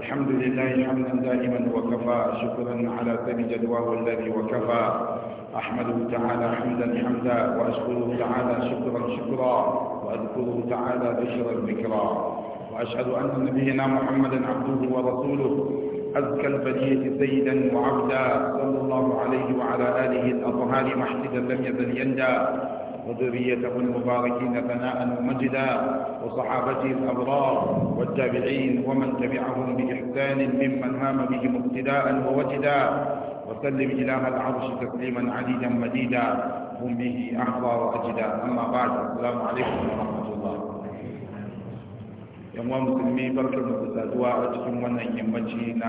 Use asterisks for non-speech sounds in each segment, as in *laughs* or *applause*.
الحمد لله حمدا دائما وكفى شكرا على سبيل جدواه الذي وكفى أحمده تعالى حمدا حمدا وأشكره تعالى شكرا شكرا وأذكره تعالى ذكرا ذكرا وأشهد أن نبينا محمدا عبده ورسوله أزكى البرية سيدا وعبدا صلى الله عليه وعلى آله الأطهار محتدا لم يزل يندى وذريته المباركين ثناء ومجدا وصحابته الأبرار والتابعين ومن تبعهم بإحسان ممن هام بهم اقتداء ووجدا وسلم إله العرش تسليما عديدا مديدا هم به أحظى وأجدا أما بعد السلام عليكم ورحمة الله يوم مسلمي بركه da saduwa a cikin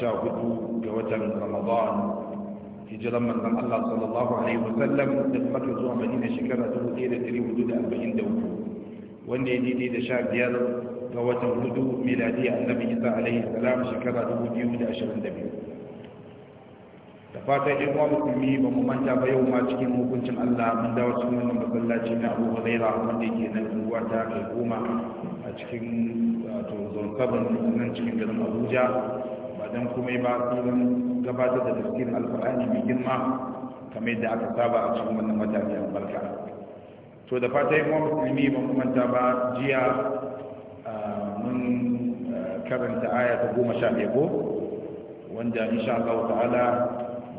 شاهدوا بوجه رمضان hijiran manzon Allah sallallahu alaihi wasallam da Makka zuwa Madina shekara da da da hudu arba'in hudu wanda ya daidai da sha biyar ga watan hudu miladiya annabi Isa alaihi salam shekara biyu da ashirin da da biyu. fata in wa musulmi ba mu manta ba yau ma cikin hukuncin Allah mun dawo cikin wannan masallaci na Abu Hurairah wanda yake nan unguwa ta kai goma a cikin wato zone nan cikin garin Abuja ba dan komai ba kullum gabatar da tafsirin alkur'ani mai girma kamar yadda aka saba a cikin wannan wata barka to da fata yin musulmi ba ta ba jiya mun karanta aya ta goma sha ɗaya ko wanda insha Allah ta'ala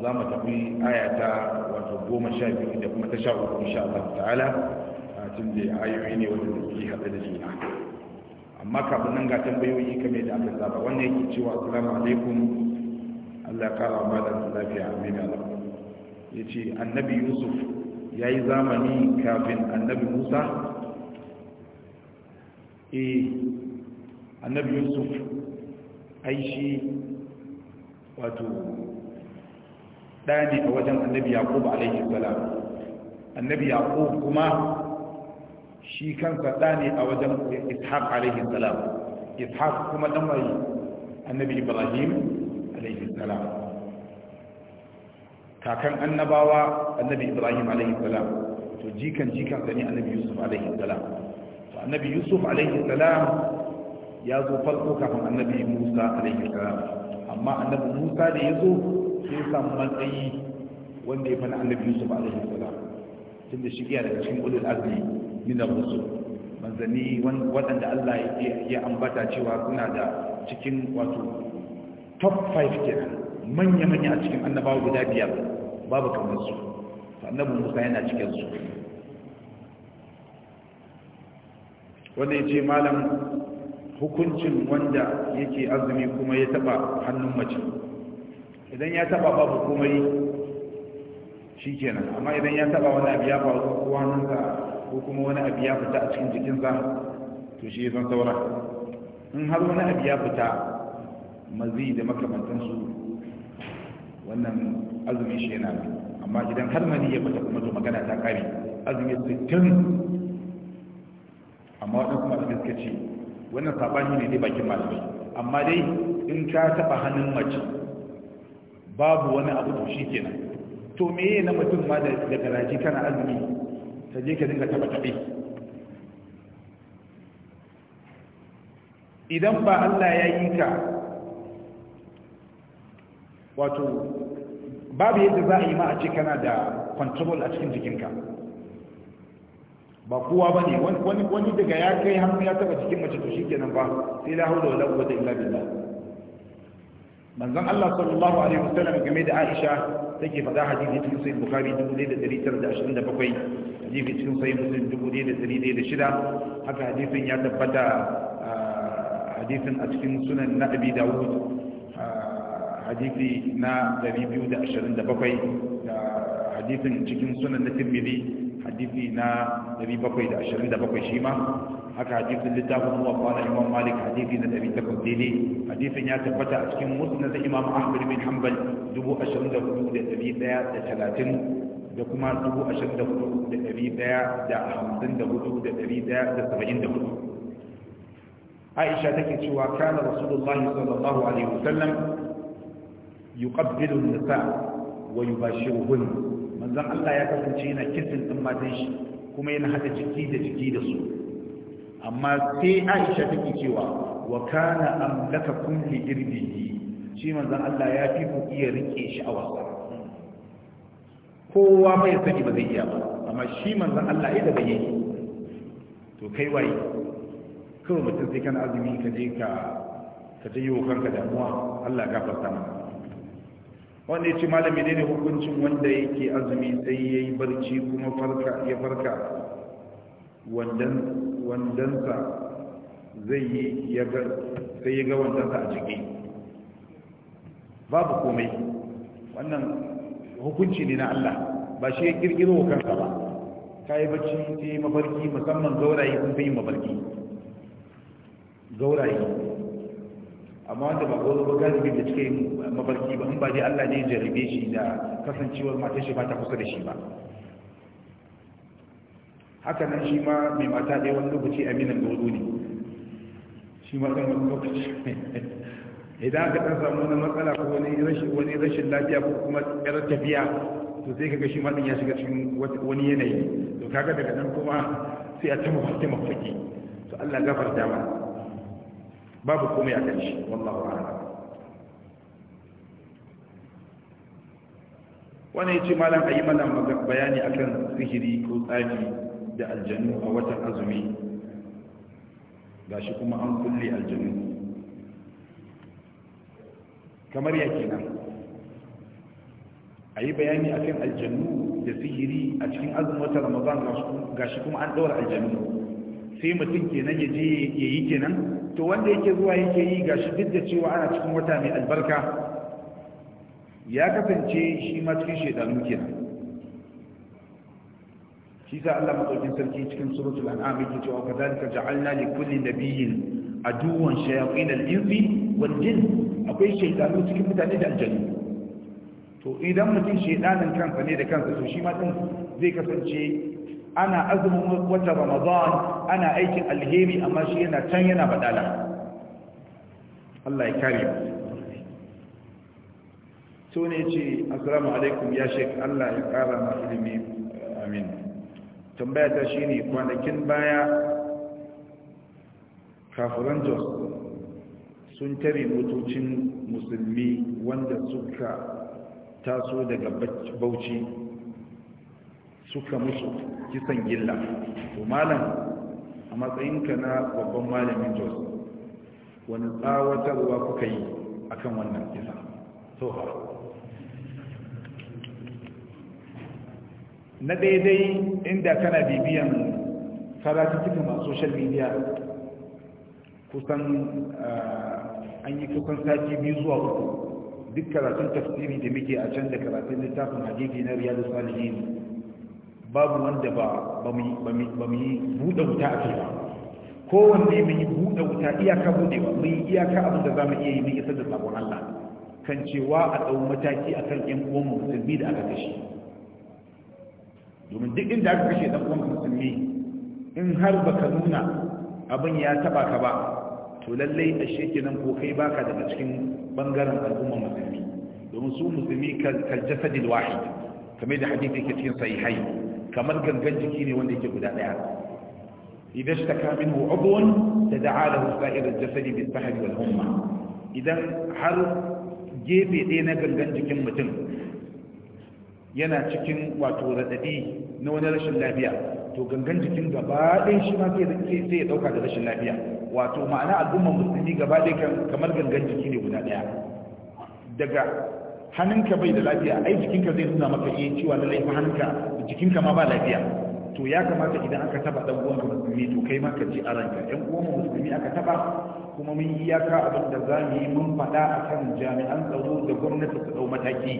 za mu tafi aya ta wato goma sha biyu da kuma ta sha uku insha Allah ta'ala a cikin da ayoyi ne wanda suke haɗe da juna amma kafin nan ga tambayoyi kamar da aka saba wannan yake cewa assalamu alaikum Allah kara da lafiya amin Ya ce annabi Yusuf ya yi zamani kafin annabi Musa eh annabi Yusuf ai shi wato dani a wajen annabi Yaqub alaihi salam annabi Yaqub kuma shi kansa dani a wajen Ishaq alaihi salam Ishaq kuma ɗan dan annabi Ibrahim alaihi salam kakan annabawa annabi ibrahim alaihi salam to jikan jikan sani annabi yusuf alaihi salam to annabi yusuf alaihi salam ya zo farko kafin annabi musa alaihi salam amma annabi musa da ya zo sai samu matsayi wanda ya fana annabi yusuf alaihi salam tun da shigiya daga cikin ulul azmi min ar-rusul manzanni wadanda Allah ya ambata cewa suna da cikin wato top 5 kenan manya-manya a cikin annabawa guda biyar babu kamar su annabu musa yana cikin su wanda ya ce malam hukuncin wanda yake azumi kuma ya taba hannun mace idan ya taba babu komai shi kenan amma idan ya taba wani abu ya faru ko hannunsa ko kuma wani abu ya fita a cikin jikinsa to shi ya san saura in har wani abu ya fita mazi da makamantansu wannan azumi shi yana amma idan har mani ya fata kuma to magana ta kare azumi su tun amma kuma masu suka ce wannan sabani ne dai bakin malamai amma dai in ka taɓa hannun mace babu wani abu to shi kenan to meye na mutum ma da garaji kana azumi ta je ka dinga taba taɓe idan ba Allah ya yi ka wato babu yadda za a yi ma a ce kana da control a cikin jikinka ba kuwa ba ne wani daga ya kai hannu ya taba jikin mace to shi shikenan ba sai la haula wala quwwata illa billah manzon Allah sallallahu alaihi wasallam game da Aisha ta take faɗa hadisi cikin sahih Bukhari 1927 hadisi cikin sahih Muslim 1106 haka hadisin ya tabbata ah, hadisin a cikin sunan na Abi Dawud hadisi na 227 da hadisin cikin sunan na tirmidhi hadisi na 727 shi ma haka hadisin littafin muwaffa na imam malik hadisi na 800 daidai hadisin ya tabbata a cikin musnad da imam ahmad bin hanbal 24130 da kuma 24154 aisha take cewa kana rasulullahi sallallahu alaihi wasallam yuqabbilu nisa wa yubashiruhun manzon Allah ya kasance yana kisin din matan shi kuma yana haɗa jiki da jiki da su amma sai Aisha take cewa wa kana amlakakum li irbihi shi manzon Allah ya fi ku iya rike shi a wasa kowa mai ba zai iya ba amma shi manzon Allah ya daga yake to kai waye kawai mutum sai kana azumi ka je ka ka je yi kanka damuwa Allah ya gafarta wanda ya ce malami ne hukuncin wanda yake azumi sai ya yi barci kuma ya farka wandansa zai yi sai ya ga wandansa a jiki babu komai wannan hukunci ne na Allah ba shi ya kirkiro kansa ba ka yi barci sai mafarki musamman gauraye sun fi yin mafarki gauraye amma wanda ba goro ba galibin da cika yin mafarki ba in ba dai Allah ne ya jarrabe shi da kasancewar matar shi ba ta kusa da shi ba haka nan shi ma mai mata ɗaya wani lokaci aminin gado ne shi ma ɗan wani lokaci idan aka ɗan samu wani matsala ko wani rashin lafiya ko kuma ƴar tafiya to sai kaga shi ma maɗin ya shiga cikin wani yanayi to kaga daga nan kuma sai a ta mafarki mafarki to Allah gafarta mana babu komai a kan shi wallahu a'lam wani ya ce malam a yi mana bayani akan sihiri ko tsafi da aljanu a watan azumi ga shi kuma an kulle aljanu kamar yake nan a yi bayani akan aljanu da sihiri a cikin azumin wata ramadan ga shi kuma an ɗaura aljanu sai mutum kenan ya je ya yi kenan to wanda yake zuwa yake yi ga shi duk da cewa ana cikin wata mai albarka ya kasance shi ma cikin shaidanu kenan shi sa Allah madaukin sarki cikin suratul an'am yake cewa kadhalika ja'alna li kulli nabiyyin aduwan shayatin al-insi wal jin akwai shaidanu cikin mutane da aljannu to idan mutum shaidanin kansa ne da kansa to shi ma din zai kasance ana azumin wata ramadan ana aikin alheri amma shi yana can yana badala Allah ya kare to ne ce assalamu alaikum ya shek Allah ya kara ma ilimi amin tambaya ta shine kwanakin baya kafiran jos sun tare motocin musulmi wanda suka taso daga bauchi suka musu kisan gilla to malam a matsayin ka na babban malamin jos wani tsawatarwa kuka yi akan wannan kisa so ha na daidai inda kana bibiyan cikin a social media kusan ah, an yi kusan sati biyu zuwa uku duk karatun tafsiri da muke a can da karatun littafin hajji na riyadu salihin babu wanda ba mu yi buɗe wuta a ba kowanne mu yi buɗe wuta iyaka buɗe ba mu yi iyaka abin da za mu iya yi mu isar da sabon Allah kan cewa a ɗau mataki a kan ‘yan uwan musulmi da aka kashe domin duk inda aka kashe ɗan uwan musulmi in har baka nuna abin ya taɓa ka ba to lallai ashe nan ko kai baka daga cikin bangaren al'ummar musulmi domin su musulmi kal jasadil wahid kamar da hadisi yake cikin sahihai kamar gangan jiki ne wanda yake guda daya idan shi ta kamin hu abuwan da da'a da husa'irar jasadi bin sahari wal humma idan har gefe ɗaya na gangan jikin mutum yana cikin wato raɗaɗi na wani rashin lafiya to gangan jikin gaba ɗaya shi ma sai ya ɗauka da rashin lafiya wato ma'ana al'ummar musulmi gaba ɗaya kamar gangan jiki ne guda ɗaya daga hannunka bai da lafiya ai jikinka zai nuna maka iya eh, cewa lallai fa hannunka jikinka ma ba lafiya to ya kamata idan aka taba dan uwanka musulmi to kai ma ka ji a ranka ɗan uwanmu musulmi aka taba kuma mun yi iyaka abin da za mu yi mun faɗa a kan jami'an tsaro da gwamnati su ɗau mataki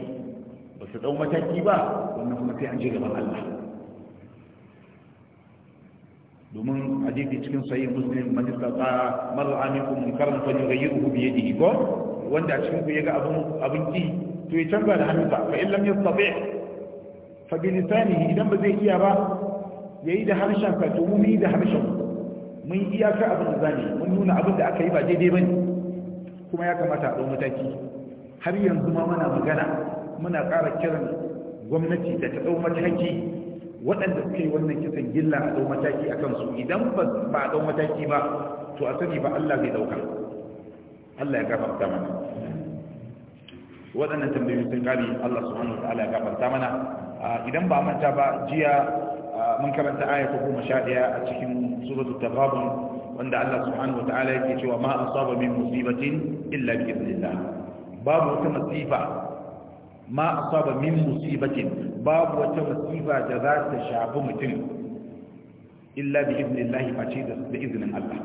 ba su ɗau mataki ba wannan kuma sai an je gaban Allah domin hadisi cikin sahih muslim man istata mar'a minkum munkaran falyughayyiruhu bi yadihi ko wanda a cikin ku yaga abun abun ki to ya canza da hannunsa fa in yastati fa bi lisanihi idan ba zai iya ba yayi da harshen ka to mun yi da harshen mun iya ka abin da zani mun nuna abin da aka yi ba daidai bane kuma ya kamata a ɗau mataki har yanzu ma muna magana muna ƙara kiran gwamnati da ta ɗau mataki waɗanda suka yi wannan kisan gilla a ɗau mataki a kansu idan ba a ɗau mataki ba to a sani ba Allah zai ɗauka Allah ya gafarta mana waɗannan tambayoyi sun kare Allah subhanahu wa ta'ala ya gafarta mana idan ba manta ba jiya mun karanta aya ta goma sha ɗaya a cikin suratu tafabun wanda Allah subhanahu wa ta'ala yake cewa ma asaba min musibatin illa bi idnillah babu wata masifa ma asaba min musibatin babu wata masifa da za ta shafi mutum illa bi idnillah face da izinin Allah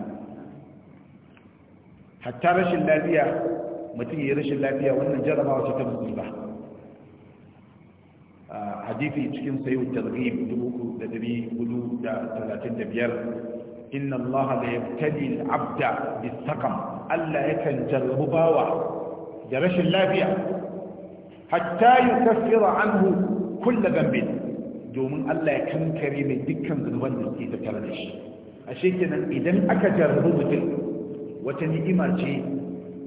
hatta rashin lafiya mutum ya rashin lafiya wannan jarabawa ce ta musulma hadithi cikin sayu targhib 3435 inna Allah la yabtali al-abda bis-saqam Allah yakan jarrabu bawa da rashin lafiya hatta yukaffira anhu kull dhanbin domin Allah ya kankare mai dukkan zunuban da suke tattare da shi ashe kenan idan aka jarrabu mutum wata ni'ima ce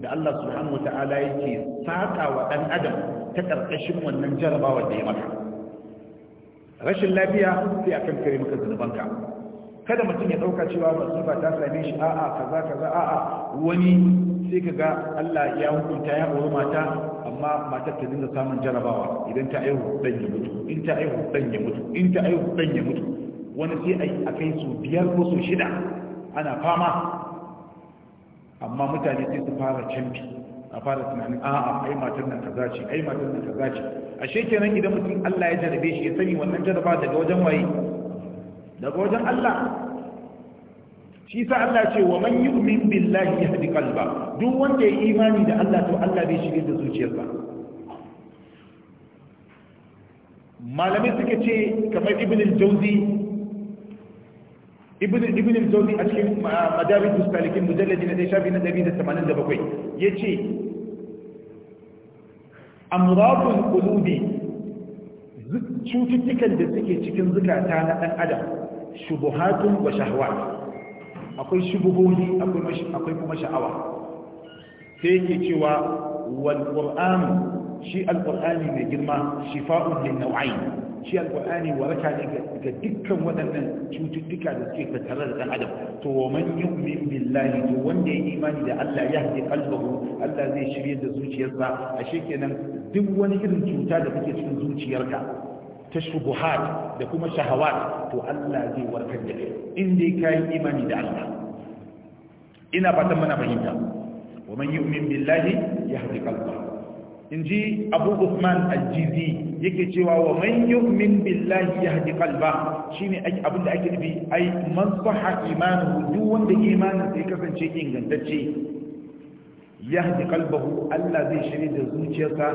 da Allah subhanahu wata'ala yake saka wa dan adam ta karkashin wannan jarabawa da ya maka rashin lafiya sai akan kare maka zunubanka kada mutum ya dauka cewa masifa ta same shi a'a kaza kaza a'a wani sai ka ga Allah ya hukunta ya auri mata amma matar ta dinga samun jarabawa idan ta aihu dan ya mutu in ta aihu dan ya mutu in ta aihu dan ya mutu wani sai a kai su biyar ko su shida ana fama amma mutane sai su fara canfi a fara tunanin a'a ai matan nan kaza ce ai matar nan kaza ce ashe kenan idan mutum Allah ya jarabe shi ya sani wannan jaraba daga wajen waye daga wajen Allah shi sa Allah ce wa man yu'min billahi yahdi qalba duk wanda ya imani da Allah to Allah bai shige da zuciyarsa malamai suke ce kamar ibn al-jawzi ibn ibn a cikin madarij salikin mujalladi na dai shafi na 187 yace amradul kulubi cututtukan da suke cikin zukata na dan adam shubuhatun wa shahwa akwai shubuhohi akwai akwai kuma sha'awa sai yake cewa wal qur'an shi al mai girma shifa'un lin naw'ain shi alqur'ani waraka ne ga dukkan waɗannan cututtuka da suke tattare da dan adam to wa yi min billahi to wanda ya imani da Allah ya hadi qalbahu Allah zai shirya da zuciyarsa ashe kenan duk wani irin cuta da take cikin zuciyarka ta shubuhat da kuma shahawat to Allah zai warkar da kai in dai yi imani da Allah ina fatan muna fahimta wa man yu'min billahi yahdi qalbahu in ji abu usman ajizi yake cewa wa man yu'min billahi yahdi qalba shine abin da ake nufi ai man saha imanuhu duk wanda imanin sai kasance ingantacce yahdi qalbahu Allah zai shirye da zuciyarsa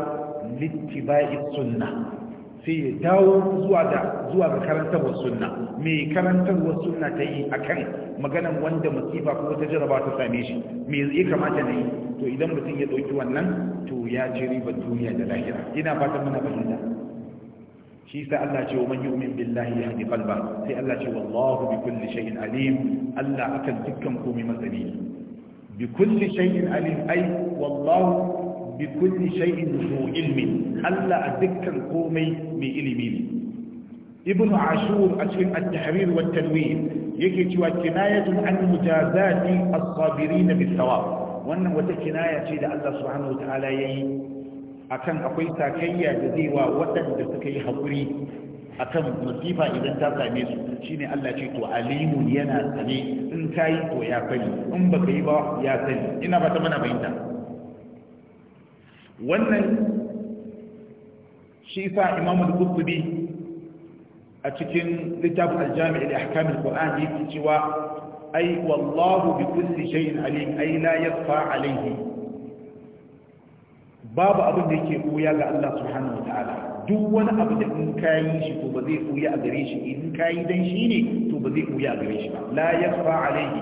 littiba'i sunnah sai ya dawo zuwa da zuwa ga karantarwar sunna me karantarwar sunna ta yi a akan maganan wanda masifa ko ta jaraba ta same shi me ya kamata na yi to idan mutum ya ɗauki wannan to ya ci ribar duniya da lahira ina fatan muna fahimta shi sa Allah ce wa man yu'min billahi ya yahdi qalba sai Allah ce wallahu bi kulli shay'in alim Allah akan dukkan komai masani bi kulli shay'in alim ai wallahu bi kulli shay'in zu ilmin Allah a dukkan komai mai ilimi ne ibnu ashur a cikin at-tahrir wa tanwir yake cewa kinayatun an mujazati as-sabirin bis thawab wannan wata kinaya ce da Allah subhanahu wataala yayi akan akwai sakayya da zai wa waɗanda suka yi haƙuri akan masifa idan ta same su shine Allah ce to alimun yana sane in kai to ya sani in baka yi ba ya sani ina ba ta mana bayyana wannan shi sa imamu al-qurtubi a cikin littafin al-jami' al-ahkam al-qur'an yake cewa ai wallahu bi kulli shay'in alim ai la yakhfa alayhi babu abin da yake koya ga Allah subhanahu wa ta'ala duk wani abu da in kayi shi to ba zai koya a gare shi in kayi dan shi ne to ba zai koya a gare shi ba la yakhfa alayhi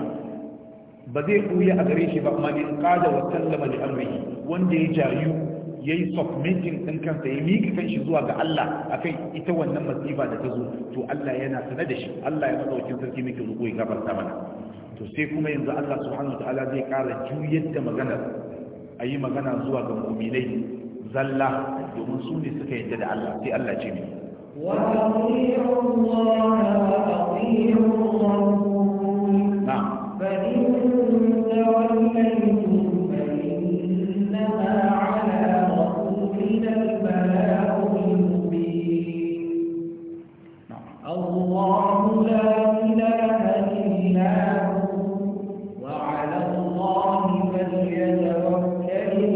ba zai koya a gare shi ba man qada wa sallama li amrihi wanda ya jayu ya yi submitting ɗin kansa ya miƙa shi zuwa ga Allah a kai ita wannan masifa da ta zo to Allah yana sanar da shi Allah ya matsaukin sarki muke ruku ya gafarta mana to sai kuma yanzu Allah subhanahu wataala zai ƙara juyar da magana a yi magana zuwa ga mu'minai zalla domin su ne suka yadda da Allah sai Allah ce ne وَأَطِيعُوا اللَّهَ وَأَطِيعُوا الرَّسُولَ فَإِن تَوَلَّيْتُمْ فَإِنَّمَا من البلاء المبين الله لا إله إلا هو وعلى الله فليتوكل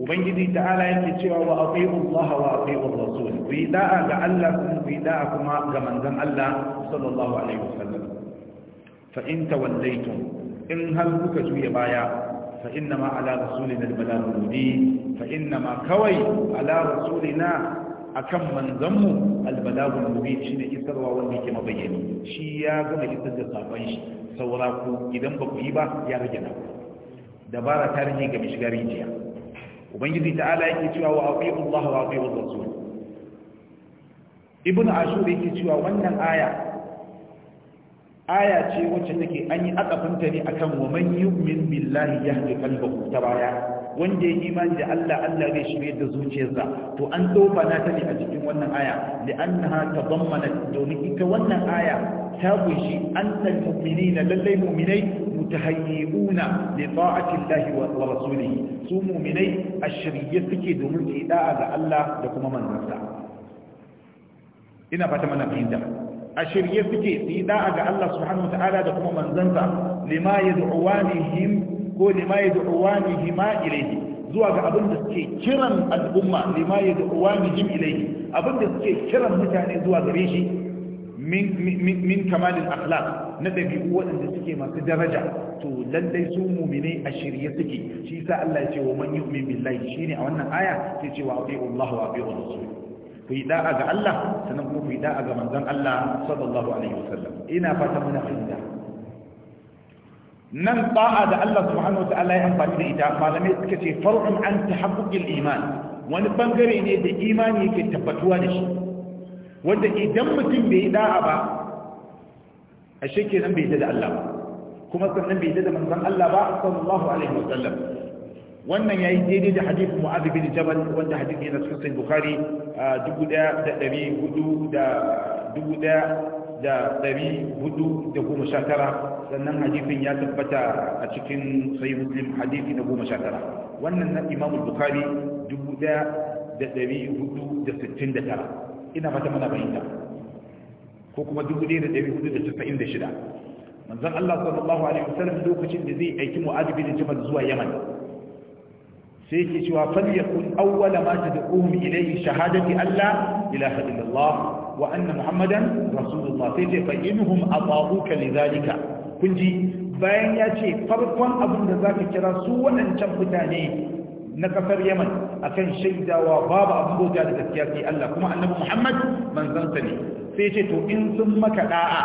Ubangiji ta'ala yake cewa wa aqimu Allah wa aqimu Rasul ku yi da'a ga Allah kuma ku yi da'a kuma ga manzon Allah sallallahu alaihi wasallam fa in tawallaytum in hal kuka juya baya فإنما على رسولنا البلاغ المبين فإنما كوي على رسولنا akan manzanmu albalagul mubin shine isarwa wanda yake mabayyani shi ya gama isar da sabon shi saura ku idan ba yi ba ya rage na dabara ta rage ga shiga rijiya ubangiji ta'ala yake cewa wa aqimu ibn yake cewa wannan aya aya ce wacce take an yi akafinta ne a wa man yu'min billahi yahdi qalbahu ta baya wanda ya imani da Allah Allah zai shirye da zuciyarsa to an ɗauka na ta ne a cikin wannan aya li'annaha tadammana domin ita wannan aya ta kunshi annal na lallai mu'minai mutahayyibuna li ta'ati Allah wa rasulihi su mu'minai shirye suke domin su da'a ga Allah da kuma manzansa ina fata mana fahimta a shirye suke su da'a ga Allah subhanahu wa ta'ala da kuma manzanta lima yad'uwanihim ko lima yad'uwanihima ilayhi zuwa ga abin da suke kiran al'umma lima yad'uwanihim ilayhi abin da suke kiran mutane zuwa gare shi min min kamalil akhlaq na dabi'u waɗanda suke masu daraja to lallai su mu'mine a shirye suke shi yasa Allah ya ce wa man yu'min billahi shine a wannan aya sai ce wa abi'u Allah wa abi'u rasul ku yi da'a ga Allah sannan kuma ku yi da'a ga manzon Allah sallallahu alaihi wasallam ina fata muna fahimta nan da'a da Allah subhanahu wataala ya amfani da ita malamai suka ce far'un an tahabbukil iman wani bangare ne da imani yake tabbatuwa da shi wanda idan mutum bai yi da'a ba a nan bai yi da Allah ba kuma sannan bai yi da manzon Allah ba sallallahu alaihi wasallam wannan yayi daidai da hadisi Mu'adh bin Jabal wanda hadisi ne cikin Bukhari tara sannan hadifin ya tabbata a cikin sai muslim hadifi na goma sha tara wannan na imamu bukari tara ina mata mana bayyana ko kuma shida. manzon Allah sallallahu alaihi wasallam lokacin da zai aiki Mu'adh bin Jabal zuwa Yaman sai yake cewa falyakun awwala ma tad'uhum ilayhi shahadati alla ilaha illallah wa anna muhammadan rasulullah sai ce fa inhum ata'uka lidhalika kun ji bayan ya ce farkon abin da zaka kira su waɗancan mutane na kasar yaman akan shaidawa babu abin bauta da gaskiya sai Allah kuma annabi muhammad manzon sa ne sai ce to in sun maka da'a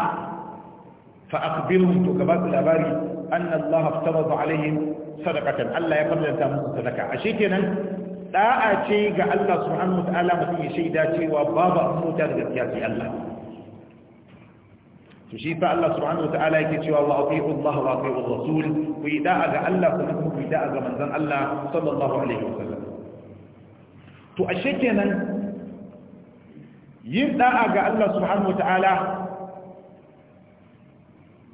fa akhbirhum to ka ba su labari أن الله افترض عليهم صدقة ألا يقبل أن صدقة أشيكنا لا أشيك الله سبحانه وتعالى مثل شيداتي وبابا أموتا لذياتي الله تشيف الله سبحانه وتعالى يكتشي وأطيعوا الله وأطيعوا الرسول وإذا وإداء الله وإذا وإداء من ذن الله صلى الله عليه وسلم تؤشيكنا يبدأ الله سبحانه وتعالى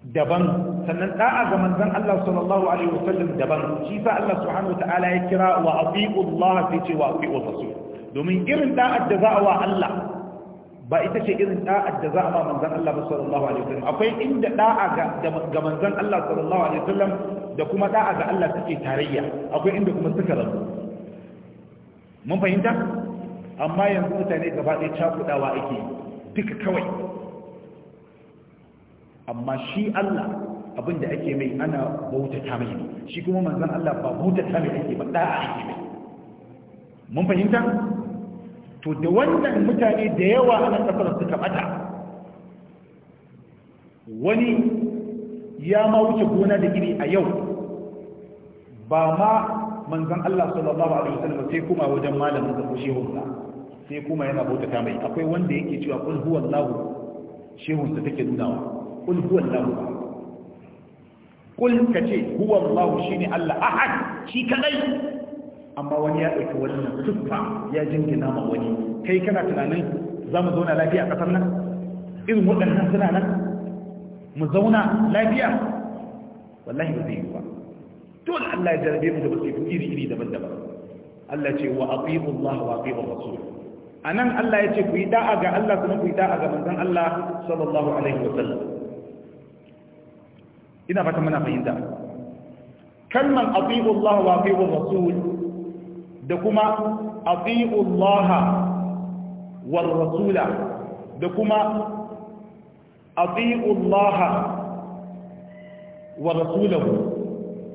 دبن sannan da'a ga manzon Allah sallallahu alaihi wasallam daban shi sa Allah subhanahu wataala ya kira wa atiu Allah sai ce wa atiu rasul domin irin da'ar da za wa Allah ba ita ce irin da'ar da za a manzon Allah ba sallallahu alaihi wasallam akwai inda da'a ga ga manzon Allah sallallahu alaihi wasallam da kuma da'a ga Allah suke tarayya akwai inda kuma suka rabu mun fahimta amma yanzu mutane gaba ɗaya cakudawa ake duka kawai amma shi Allah abin da ake mai ana bautata mai ne shi kuma manzan Allah ba bautata mai ake ba da'a ake mai mun fahimta to da wannan mutane da yawa ana kasar suka bata wani ya ma wuce gona da gini a yau ba ma manzan Allah sallallahu alaihi wasallam sai kuma wajen malamin da shehun sa sai kuma yana bautata mai akwai wanda yake cewa kul huwallahu shehun sa take nunawa kul huwallahu kul ka ce huwa Allah shine Allah ahad shi kadai amma wani ya ɗauki wannan tuffa ya jingina ma wani kai kana tunanin za mu zauna lafiya a ƙasar nan irin waɗannan suna nan mu zauna lafiya wallahi ba zai yi ba dole Allah ya jarabe mu da basiru iri iri daban-daban Allah ce wa aqimu Allah wa aqimu Rasul anan Allah ya ce ku yi da'a ga Allah kuma ku yi da'a ga manzon Allah sallallahu alaihi wa sallam. ina fata muna fahimta kalman ati'u Allah wa ati'u rasul da kuma ati'u Allah war rasula da kuma ati'u Allah rasulahu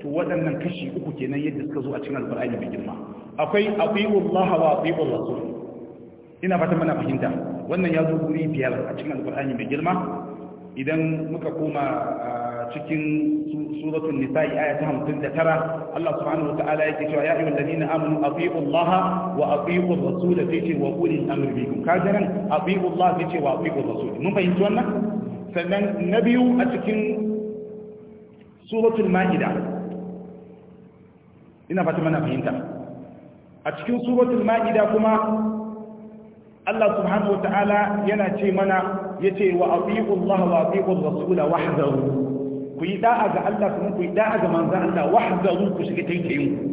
to waɗannan kashi uku kenan yadda suka zo a cikin alqur'ani mai girma akwai ati'u Allah wa ati'u rasul ina fata muna fahimta wannan ya zo guri biyar a cikin alqur'ani mai girma idan muka koma cikin suratul nisa'i aya ta tara Allah subhanahu wataala yake cewa ya ayyuhal ladina amanu atiiu Allah wa atiiu ar-rasul fihi wa ulil amri minkum kaga nan atiiu Allah fihi wa atiiu ar-rasul mun fahimci wannan sannan na biyu a cikin suratul ma'ida ina fata mana fahimta a cikin suratul ma'ida kuma Allah subhanahu wataala yana ce mana yace wa atiiu Allah wa atiiu ar-rasul wahdahu ku yi da'a ga Allah kuma ku yi da'a ga manzan Allah wahzaru ku shiga taitayin ku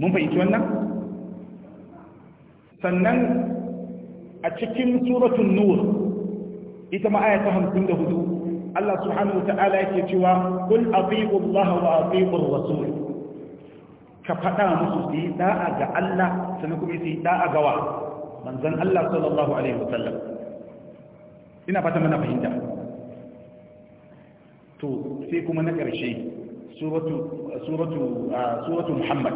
mun fahimci wannan sannan a cikin suratul nur ita ma aya ta 54 Allah subhanahu wata'ala yake cewa kul atiiu Allah wa atiiu rasul ka fada musu su yi da'a ga Allah sannan kuma su yi da'a ga wa manzan Allah sallallahu alaihi wasallam ina fata mana fahimta to sai kuma na ƙarshe suratu muhammad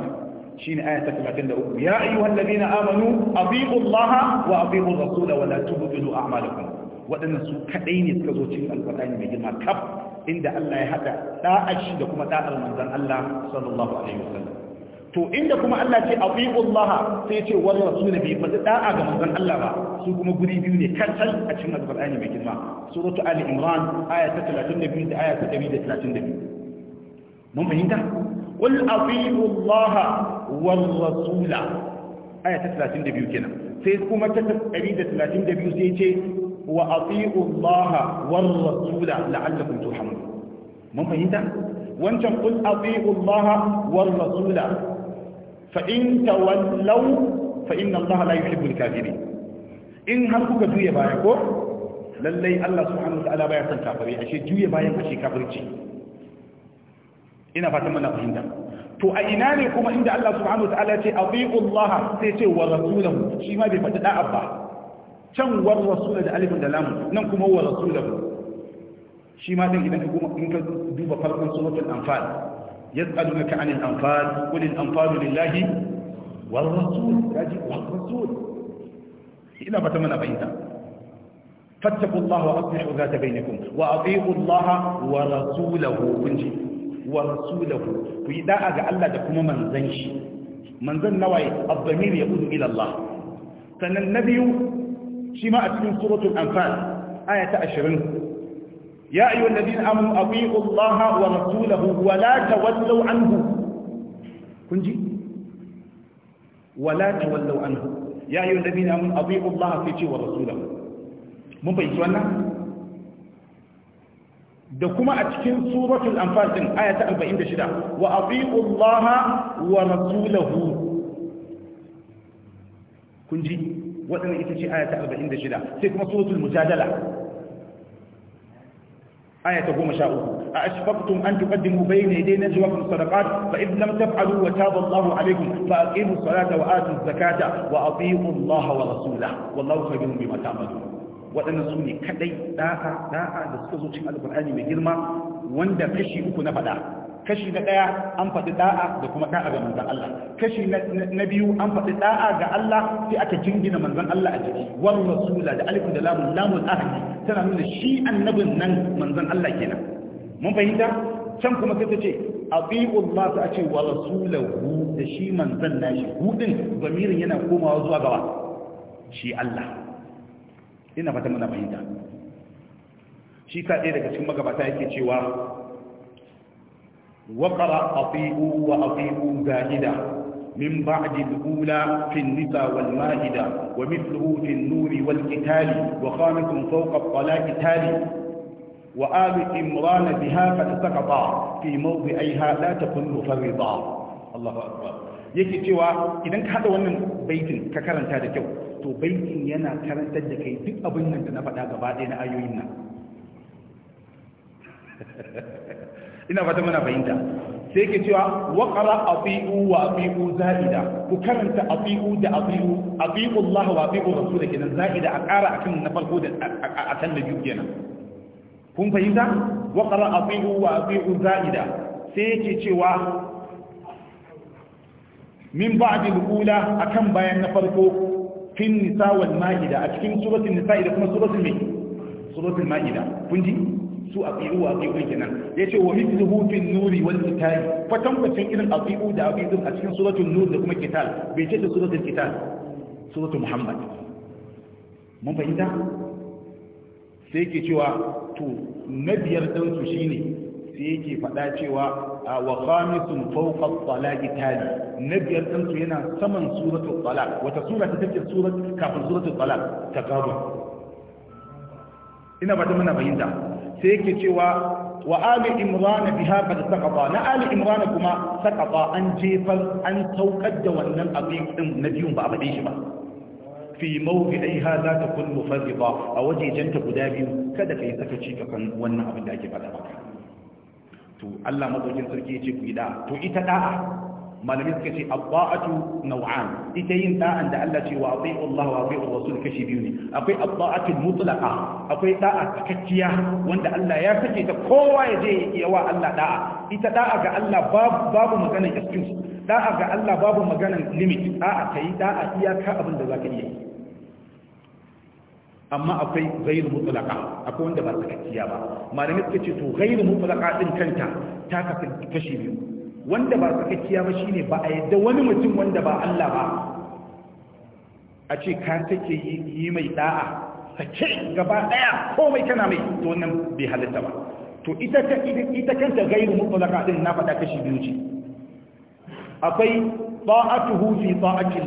shi ne ayata 33 ya ayyu hallabi na amanu abi'un laha wa abi'un rasula wa latubu ilu amalakun waɗannan su kaɗai ne suka zo cikin alfaɗani mai girma kaf inda Allah ya haɗa ɗa'ashi da kuma ɗa'ar manzan Allah sallallahu alaihi wasallam to inda kuma Allah ce atiullaha sai ce wal rasul bi fa da'a ga manzon Allah ba su kuma guri biyu ne kankan a cikin alqur'ani mai girma suratu ali imran aya ta 32 da aya ta 132 mun fahimta qul atiullaha wal rasula aya ta 32 kenan sai kuma ta 132 sai ce wa atiullaha wal rasula la'allakum turhamun mun fahimta wancan qul atiullaha wal rasula fa in tawallaw fa inna allaha la yuhibbul in har kuka juya baya ko lallai Allah subhanahu wataala baya son kafirai ashe juya bayan ashe kafirci ina fatan mana fahimta to a ina ne kuma inda Allah subhanahu wataala ce atiiu Allah sai ce wa rasulahu shi ma bai faɗi da'a ba can war rasula da alifin da lamun nan kuma wa rasulahu shi ma din idan ka kuma duba farkon suratul amfani. yas'alunaka 'anil anfal qul al anfalu lillahi wal rasul kaji wal rasul ina bata mana bayyana fattaku Allah wa aslihu zata bainakum wa atiiu Allah wa rasulahu kunji wa rasulahu ku yi da'a ga Allah da kuma manzan shi manzan nawaye abdamir na biyu shi ma a cikin suratul anfal aya ta يا أيها الذين آمنوا أطيعوا الله ورسوله ولا تولوا عنه كنجي ولا تولوا عنه يا أيها الذين آمنوا أطيعوا الله ورسوله mun fahimci wannan da kuma a cikin suratul anfal din aya ta 46 wa atiu allaha wa rasulahu kun ji wadannan ita ce aya sai kuma suratul mujadala ayata goma sha uku a asfaktum an tuqaddimu mu bai ne na zuwa kan sadaqat fa in lam taf'alu wa taba Allahu alaykum fa aqimu salata wa atu zakata wa ati'u Allah wa rasulah wallahu khabirun wadannan su kadai da'a da'a da suka zo cikin mai girma wanda kashi uku na fada kashi na ɗaya an faɗi da'a da kuma da'a ga manzan Allah kashi na biyu an faɗi da'a ga Allah sai aka jingina manzan Allah a jiki wan rasula da alifin da lamun lamun ahadi tana nuna shi annabin nan manzan Allah kenan mun fahimta can kuma sai ta ce atiu Allah ta ce wa rasulahu da shi manzan nashi hudin zamirin yana komawa zuwa gaba shi Allah ina fata muna fahimta shi ka ɗaya daga cikin magabata yake cewa وقرأ أطيعوا وأطيعوا زاهدا من بعد الأولى في النساء والمائدة ومثله في النور والقتال وخامس فوق الطلاق تالي وآل إمران بها قد سقطا في موضعيها لا تكن فرضا الله أكبر yake cewa idan ka hada wannan baitin ka karanta da kyau to baitin yana karantar da kai duk abin nan da na faɗa gaba ɗaya na ayoyin nan ina fata mana fahimta sai ke cewa wa qara atiu wa atiu zaida ku karanta atiu da atiu atiu Allah wa rasu da kenan zaida a ƙara akan na farko da a kan da biyu kenan kun fahimta wa qara atiu wa atiu zaida sai ke cewa min ba ba'di al a kan bayan na farko fin nisa wal ma'ida a cikin suratul nisa da kuma suratul mai suratul ma'ida kun ji su abi'u wa abi'u kenan ce, wa mithluhu fil nuri wal qital fatan kwacin irin abi'u da abi'u a cikin suratul nur da kuma Kital. bai ce da suratul Kital. suratul muhammad mun fahimta sai ke cewa to na biyar dan shi ne. sai yake faɗa cewa a wa khamisun fawqa at-talaqi tali na biyar dan yana saman suratul talaq wata sura ta take kafin kafin suratul ta tagabun ina ba ta muna fahimta sai yake cewa wa ali imran biha qad saqata na ali imran kuma saqata an jefar an saukar da wannan abin din na biyun ba a bade shi ba fi mawdi'i hadha takun mufarrida a wajejenta guda biyu kada kai sakaci kan wannan abin da ake faɗa maka to Allah madaukin sarki yace ku yi to ita da'a malamai suka ce abba'atu nau'an. ita yin da'an da Allah ce wa abi'u Allah wa abi'u suna kashi biyu ne akwai abba'atu mutlaqa akwai da'a takakkiya wanda Allah ya sake ta kowa ya je ya yawa Allah da'a ita da'a ga Allah babu babu maganar excuse da'a ga Allah babu maganar limit da'a yi da'a iyaka abin da za ka iya yi amma akwai gairu mutlaka akwai wanda ba sakakkiya ba malamai suka ce to gairu mutlaka din kanta ta kasu kashi biyu wanda ba sakakkiya ba shine ba a yadda wani mutum wanda ba Allah ba a ce ka take yi mai da'a sake gaba daya komai kana mai to wannan bai halitta ba to ita ita kanta gairu mutlaqa din na faɗa kashi biyu ce akwai ta'atuhu fi ta'ati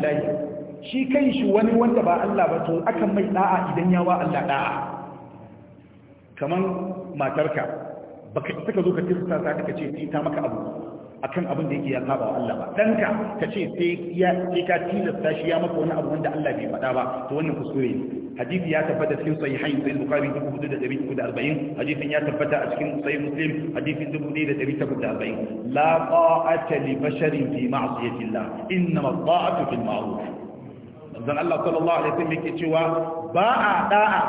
shi kai shi wani wanda ba Allah ba to akan mai da'a idan ya ba Allah da'a kaman matarka baka ita ka zo ka tirsa ta ka ce ta maka abu akan abin da yake ya saba wa Allah ba danka ka ce sai ya sai ka tilasta shi ya maka wani abu wanda Allah bai faɗa ba to wannan kuskure ne hadisi ya tabbata cikin sahihain sai bukhari 4340 hadisin ya tabbata a cikin sahih muslim hadisin 1840 la ta'ata li basharin fi ma'siyati Allah innama ta'atu fil ma'ruf dan Allah sallallahu alaihi wasallam yake cewa ba a da'a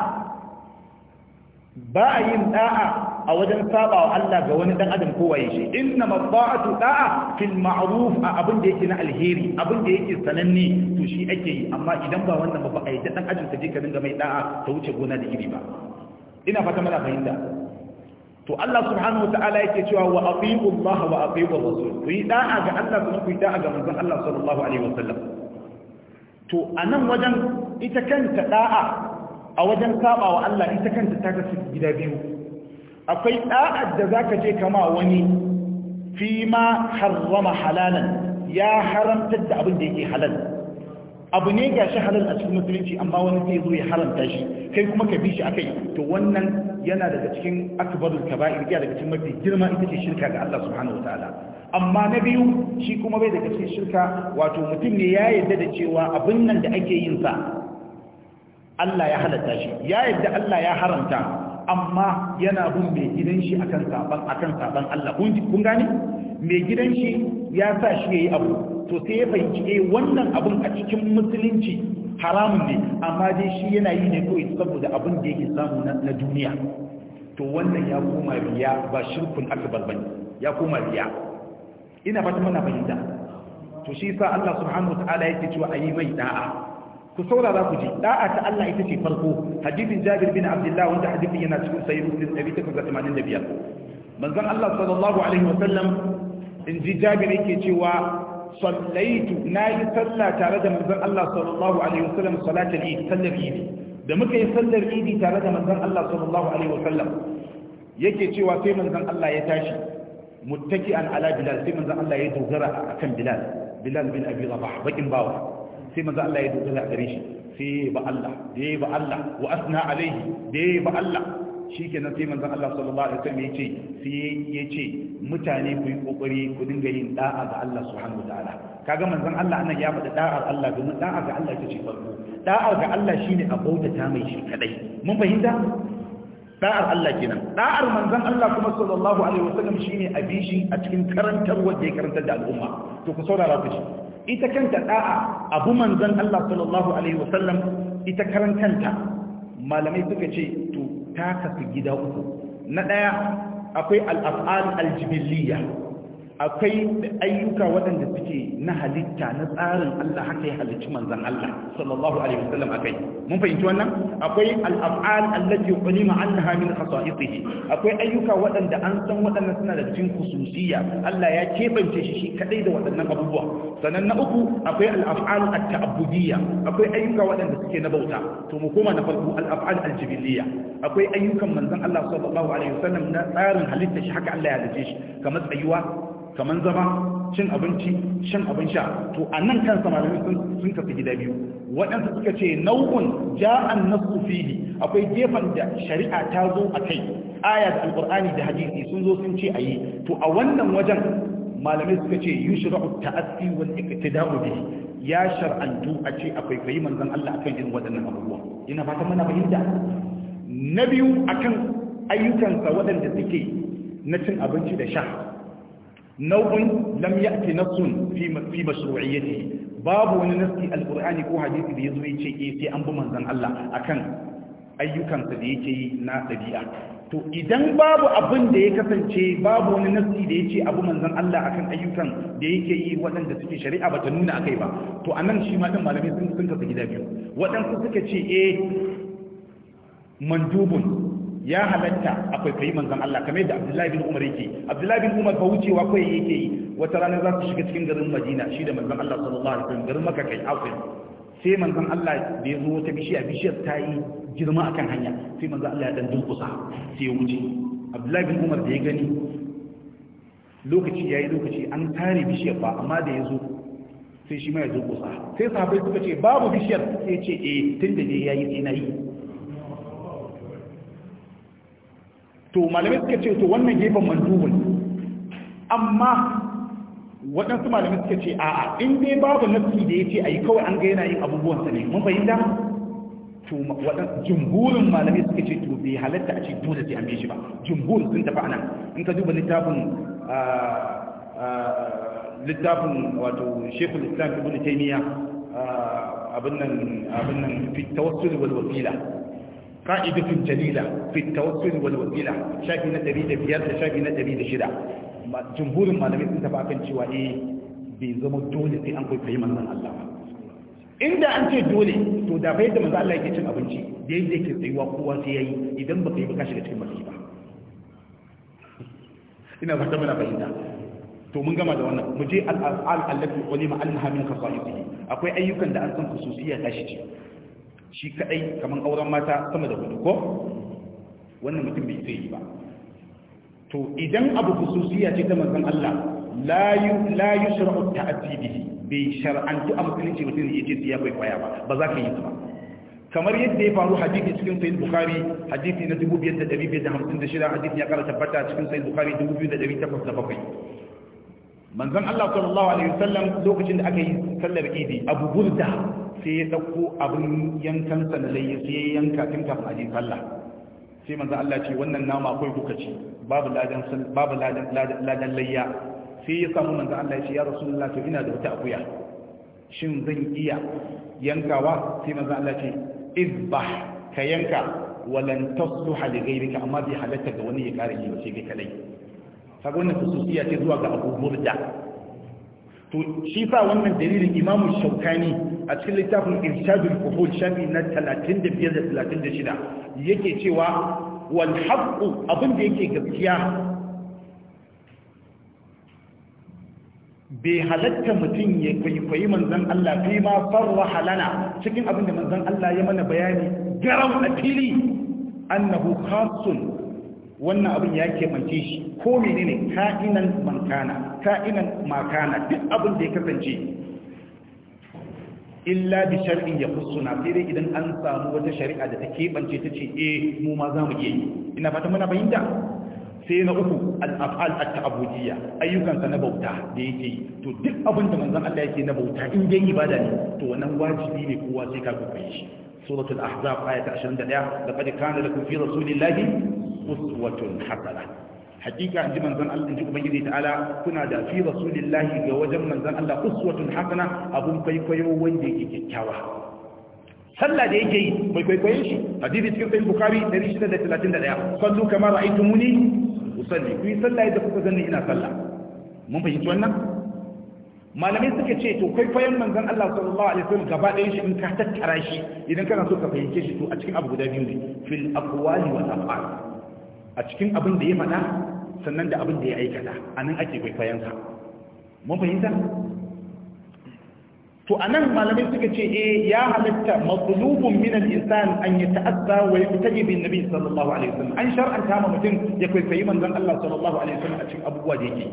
ba a yin da'a a wajen saba wa Allah ga wani dan adam ko waye shi inna mabba'atu da'a fil ma'ruf a abin da yake na alheri abin da yake sananne to shi ake yi amma idan ba wannan ba ai dan adam ka je ka dinga mai da'a ta wuce gona da iri ba ina fata mana fahimta to Allah subhanahu wataala yake cewa wa atiu Allah wa atiu rasul ku yi da'a ga Allah kuma ku yi da'a ga manzon Allah sallallahu alaihi wasallam to anan wajen ita kanta da'a a wajen saba wa Allah ita kanta ta kasu gida biyu akwai da'ad da zaka je kama wani fi ma harrama halalan ya haramtar da abin da yake halal abu ne ga shi halal a cikin musulunci amma wani sai zo ya haramta shi kai kuma ka bi shi akai to wannan yana daga cikin akbarul kaba'ir ya daga cikin mafi girma ita ce shirka ga Allah subhanahu wataala amma na biyu shi kuma bai daga cikin shirka wato mutum ne ya yarda da cewa abin nan da ake yin sa Allah ya halatta shi ya yarda Allah ya haramta amma yana bin mai gidan shi akan saban akan saban Allah kun gane mai gidan shi ya sa shi yayi abu to sai ya fahimci eh wannan abun a cikin musulunci haram ne amma dai shi yana yi ne kawai saboda abun da yake samu na duniya to wannan ya koma riya ba shirkun akbar bane ya koma riya ina fata muna fahimta to shi sa Allah subhanahu wataala yake cewa ayi mai da'a ku saurara ku ji da'a ta Allah ita ce farko hadisin Jabir bin Abdullah wanda hadisin yana cikin sahih Muslim 1885 manzon Allah sallallahu alaihi wa sallam in ji Jabir yake cewa sallaitu nayi sallah tare da manzon Allah sallallahu alaihi wa sallam salatul Eid sallar Eid da muka yi sallar Eid tare da manzon Allah sallallahu alaihi wa sallam yake cewa sai manzon Allah ya tashi muttaki'an ala Bilal sai manzon Allah ya dogara akan Bilal Bilal bin Abi Rabah bakin bawa sai manzo Allah ya dogara gare shi sai ba Allah da ba Allah wa asna alaihi da yayi ba Allah shikenan sai manzo Allah sallallahu alaihi wasallam ce sai yace mutane ku yi kokari ku dinga yin da'a ga Allah subhanahu wataala kaga manzon Allah annan ya da'a ga Allah domin da'a ga Allah ita ce farko da'a ga Allah shine a bautata mai shi kadai mun fahimta da'ar Allah kenan da'ar manzan Allah kuma sallallahu alaihi wasallam shine abishi a cikin karantar wanda ya karantar da al'umma to ku saurara ku shi ita kanta da'a abu manzon Allah sallallahu alaihi wasallam ita karan kanta malamai suka ce to ta kasu gida uku na ɗaya akwai al-af'al akwai ayyuka waɗanda suke na halitta na tsarin Allah haka ya halicci manzan Allah sallallahu alaihi wasallam akai mun fahimci wannan akwai al-af'al allati qulima annaha min khasa'isihi akwai ayyuka waɗanda an san waɗannan suna da cikin khususiyya Allah ya kebance shi shi kadai da waɗannan abubuwa sannan na uku akwai al-af'al at-ta'abbudiyya akwai ayyuka waɗanda suke na bauta to mu koma na farko al-af'al al-jibiliyya akwai ayyukan manzan Allah sallallahu alaihi wasallam na tsarin halitta shi haka Allah ya halicce shi kamar tsayuwa kamar zama cin abinci shan abin sha to a nan kansa malami sun tafi gida biyu waɗansu suka ce nau'un ja'an nasu fihi akwai gefen da shari'a ta zo a kai aya da alƙur'ani da hadisi sun zo sun ce a yi to a wannan wajen malamai suka ce yushra'u ta'assi wal iqtida'u bihi ya shar'antu a ce akwai kai manzon Allah akan irin waɗannan abubuwa ina fatan muna fahimta na biyu akan ayyukansa waɗanda suke na cin abinci da sha nau'in lam ya'ti nassun fi mashru'iyyati babu wani nassi alqur'ani ko hadisi da yazo yace eh sai an bi manzon Allah akan ayyukansa da yake yi na dabi'a to idan babu abin da ya kasance babu wani nassi da yace abu manzon Allah akan ayyukan da yake yi waɗanda suke shari'a bata nuna akai ba to anan shi ma din malamai sun sun gida biyu waɗansu suka ce eh mandubun ya halatta akwai fayi manzan Allah kamar yadda Abdullahi bin Umar yake Abdullahi bin Umar ba wucewa kai yake yi wata rana za su shiga cikin garin Madina shi da manzan Allah sallallahu alaihi wasallam garin Makka kai afin sai manzan Allah da ya zo wata bishiya bishiyar ta yi girma akan hanya sai manzan Allah ya dan dunkusa sai ya wuce Abdullahi bin Umar da ya gani lokaci yayi lokaci an tare bishiyar ba amma da ya zo sai shi ma ya dunkusa sai sahabbai suka ce babu bishiyar sai ya ce eh tunda ne yayi sai na yi to malamai suka ce to wannan gefen mandubin amma waɗansu malamai suka ce a'a in dai babu nafsi da ya ce a yi kawai an ga yana yin abubuwansa ne mun fahimta to waɗansu jumburin malamai suka ce to bai halatta a ce dole sai an bi shi ba jumburin sun tafi anan in ka duba littafin ah, ah, littafin wato shekul islam ibn taymiya ah, abin nan abin nan fi tawassul wal wasila قائدة جليلة في التوسل والوسيلة شاكي نتري دبيار شاكي نتري دشدة جمهور ما لم يكن تبعك الشوائي بزم الدولة في أنقل فيما من الله inda an ce dole to da bai da manzo Allah yake cin abinci da yake yake tsayuwa kowa sai yayi idan baka yi ba ka shiga cikin masifa ina fata muna bayyana to mun gama da wannan mu je al-al'al allati ulima annaha min khasa'isihi akwai ayyukan da an san khususiyya ta shi shi kadai kamar auren mata sama da hudu ko wannan mutum bai sai yi ba to idan abu hususiya ce ta manzon Allah la yu la yushra'u ta'tibihi bi shar'antu am musulunci mutum ya ce ya bai kwaya ba ba za ka yi ba kamar yadda ya faru hadisi cikin sahih bukhari hadisi na 2556 hadisi ya kara tabbata cikin sahih bukhari 2807 manzon Allah sallallahu alaihi wasallam lokacin da aka yi sallar idi Abu Burda sai ya ɗauko abin yankan sa ya layya sai ya yanka tun kafin a je sallah sai manzo Allah ce wannan nama akwai kuka ci babu ladan babu ladan ladan layya sai ya samu manzo Allah ya ce ya rasulullah to ina da wata akuya shin zan iya yankawa sai manzo Allah ce izbah ka yanka walan tasluha li ghayrika amma bi halatta ga wani ya kare yi sai kai kalai kaga wannan khususiyya ce zuwa ga Abu Burda to shi sa wannan dalilin imamu shaukani a cikin littafin irshadul kufur shafi na 35 da 36 yake cewa wal haqqu abin da yake gaskiya bai halatta mutum ya kwaikwayi manzan Allah fi ma farwa halana cikin abin da manzan Allah ya mana bayani garau a fili annahu khasun wannan abin ya kemance shi ko ne ka'inan mankana ka'inan makana duk abin da ya kasance illa bi shar'in ya kusuna sai idan an samu wata shari'a da ta kebance ta ce eh mu ma za mu iya yi ina fata muna fahimta sai na uku al-af'al at-ta'budiyya ayyukansa na bauta da yake yi to duk abin da manzon Allah yake na bauta in dai ibada ne to wannan wajibi ne kowa sai ka gobe shi suratul ahzab ayat 21 laqad kana lakum fi rasulillahi uswatun hasana hakika ji manzon Allah ji ubangiji ta'ala kuna da fi rasulillahi ga wajen manzon Allah uswatun hasana abun kwaikwayo wanda yake kyakkyawa sallah da yake yi mai kwaikwayon shi hadisi cikin sahih bukhari 631 sallu kama ra'aytumuni usalli ku yi sallah yadda kuka zanni ina sallah mun fahimci wannan malamai suka ce to kwaikwayon manzon Allah sallallahu alaihi wasallam gaba ɗayan shi in ka tattara shi idan kana so ka fahimce shi to a cikin abu guda biyu ne fil aqwali wal af'al a cikin abin da ya faɗa sannan da abin da ya aikata a nan ake kwaikwayensa mun fahimta to a nan malamai suka ce e ya halitta matsulubun minan insan an yi ta'azza wa ya fita ibin nabi sallallahu alaihi wasallam an shar'anta ma mutum ya kwaikwayi manzon Allah sallallahu alaihi wasallam a cikin abubuwa da yake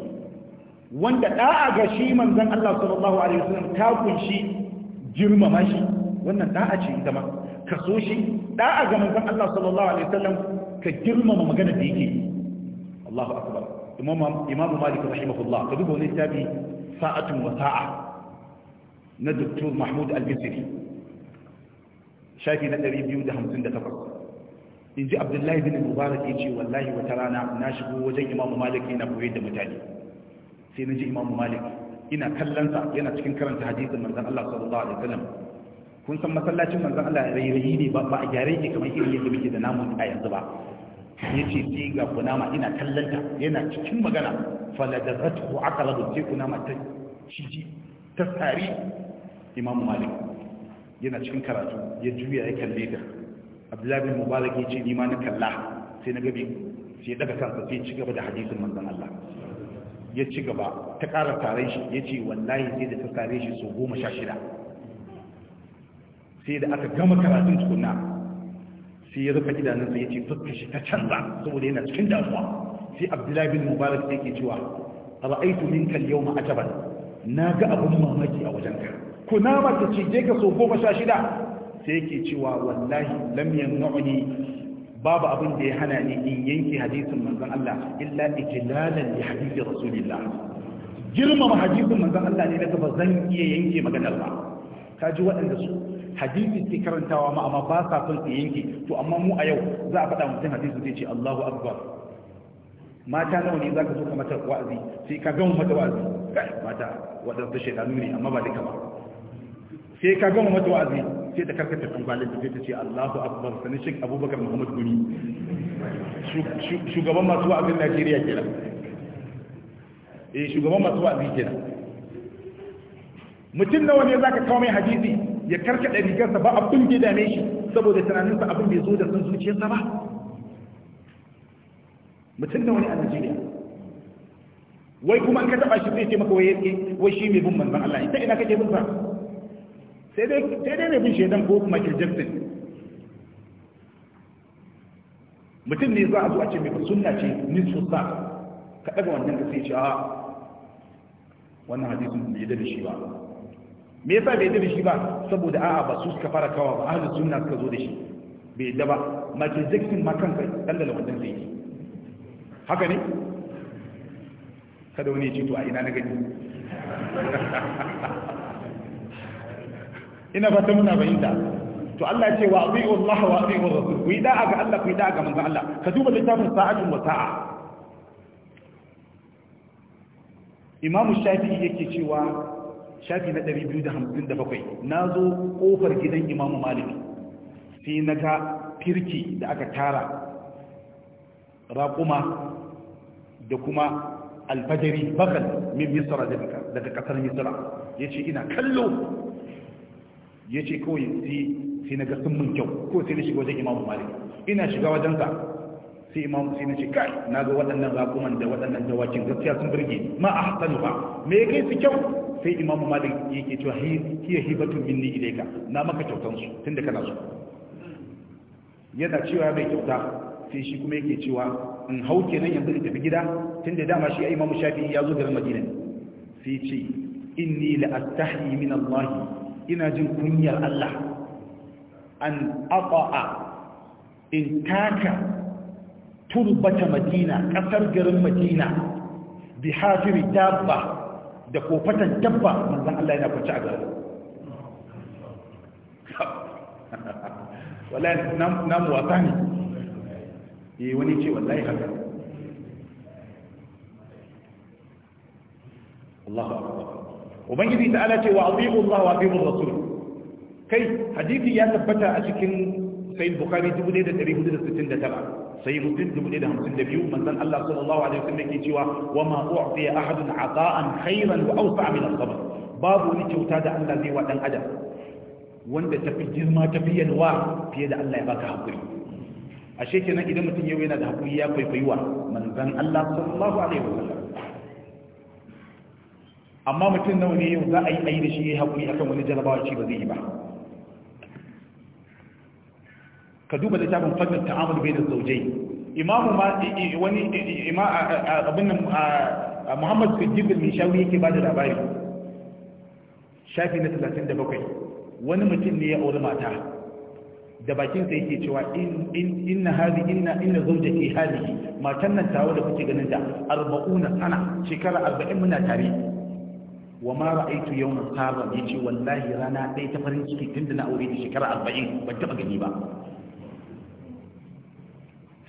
wanda da'a ga shi manzon Allah sallallahu alaihi wasallam ta kunshi girmama shi wannan da'a ce ita ma kaso shi da'a ga manzon Allah sallallahu alaihi wasallam ka girmama magana da yake Allahu akbar imam imam malik rahimahullah ka duba wani tabi sa'atun wa sa'a na Dr. Mahmud Al-Misri shafi na 258 in ji abdullahi bin mubarak ya ce wallahi wata rana na shigo wajen imamu malik yana koyar da mutane sai na ji imamu malik ina kallonsa yana cikin karanta hadisin manzan allah sallallahu alaihi wasallam kun san masallacin manzan allah rairayi ne ba a gyare ne kamar irin yadda muke da namu a yanzu ba ya ce sai ga kunama ina kallanta yana cikin magana faladarratu aqlabu sai kunama ta ciji ta tsari Imam malik yana cikin karatu ya juya ya kalle ta abdullahi bin mubarak ya ce ni na kalla sai na gabi sai daga kansa sai ci gaba da hadisin manzon Allah ya ci gaba ta ƙara tare shi ya ce wallahi sai da ta tare shi sau goma sha shida sai da aka gama karatun tukuna sai ya rufe idanunsa ya ce fuskar shi ta canza saboda yana cikin damuwa sai abdullahi bin mubarak yake cewa ra'aitu minka al-yawma ajaban na ga abun mamaki a wajenka ko na mata ce je ka so goma sha shida sai yake cewa wallahi lam yamna'uni babu abin da ya hana ni in yanke hadisin manzon Allah illa ijlalan li hadisi rasulillah girmama hadisin manzon Allah ne daga ba zan iya yanke maganar ba kaji waɗanda su hadisi suke karantawa ma amma ba sa son su yanke to amma mu a yau za a faɗa mutum hadisi zai ce Allahu akbar mata nawa ne zaka zo ka mata wa'azi sai ka gama mata wa'azi kai mata wadansu shedanu ne amma ba duka ba sai ka gama mata wa'azi sai ta karkata kangwalin da ta ce Allahu akbar sani Sheikh Abubakar Muhammad Guni shugaban masu wa'azin Najeriya kenan eh shugaban masu wa'azi kenan mutum nawa ne za ka kawo mai hadisi ya karkada rigarsa ba abin da dame shi saboda tunaninsa abin bai zo da san zuciyarsa ba mutum da wani a Najeriya wai kuma an ka taba shi zai ce maka waye wai shi mai bin manzon Allah ita ina kake bin sa sai dai sai dai ne bin shedan ko kuma ke kirjabtin mutum ne za a zo a ce mai sunna ce ni sunna ka daga wannan ka sai ce a wannan hadisin bai da shi ba me yasa bai yadda da shi ba saboda a'a ba su suka fara kawa ba ahlus sunna suka zo da shi bai yadda ba Michael Jackson ma kansa dandala wannan zai yi haka ne kada wani ya ce to a ina na gani *laughs* ina fata muna bayyana to Allah ya ce wa abi'u Allah wa abi'u Rasul ku yi da'a ga Allah ku yi da'a ga manzon Allah ka duba littafin sa'atun wa sa'a Imam Shafi'i yake cewa shafi na 257 na zo kofar gidan imamu maliki sai na ga firki da aka tara raƙuma da kuma alfajari bakal min misra daga ƙasar misra ya ce ina kallo ya ce kawai sai na ga sun mun kyau ko sai na shiga wajen imamu maliki ina shiga wajensa sai imam sai na ce kai na ga waɗannan raƙuman da waɗannan dawakin gaskiya sun birge ma a hasanu ba me ya kai su kyau sai imamu malik yake cewa hiya hibatun minni ilaika na maka kyautan su tunda kana so yana cewa bai kyauta sai shi kuma yake cewa in hau kenan yanzu in tafi gida tunda dama shi ai imamu shafi'i ya zo garin madina sai ce inni la astahi min allah ina jin kunyar allah an ata'a in taka turbata madina kasar garin madina bi hafiri dabba da kofatan dabba manzan Allah yana kwanci a gaba wallahi namu wasa ne eh wani ce wallahi haka Allahu akbar ubangiji ta ala ce wa atiu Allah wa atiu rasul kai hadisi ya tabbata a cikin sahih bukhari 1469 sai mutum dubu ɗaya da hamsin da biyu manzon Allah sallallahu alaihi wasallam yake cewa wa ma u'tiya ahadun ata'an khairan wa awsa min as-sabr babu wani kyauta da Allah zai wa dan adam wanda ta tafi girma fi yalwa fiye da Allah ya baka hakuri ashe kenan idan mutum yau yana da hakuri ya kwaikwayi wa manzon Allah sallallahu alaihi wasallam amma mutum nawa ne yau za a yi ayi da shi ya yi hakuri akan wani jarabawa ci ba zai yi ba ka duba littafin fannin ta'amul bai da zaujai imamu ma wani ima abin nan muhammad sujjib al-mishawi yake ba da labari shafi na 37 wani mutum ne ya auri mata da bakinsa sa yake cewa in inna hadi inna inna zawjati hadihi matan nan tawo da kuke ganin ta na sana shekara arba'in muna tare wa ma ra'aytu yawman sarra yace wallahi rana ɗaya ta farin ciki tunda na aure ta shekara 40 ban taɓa gani ba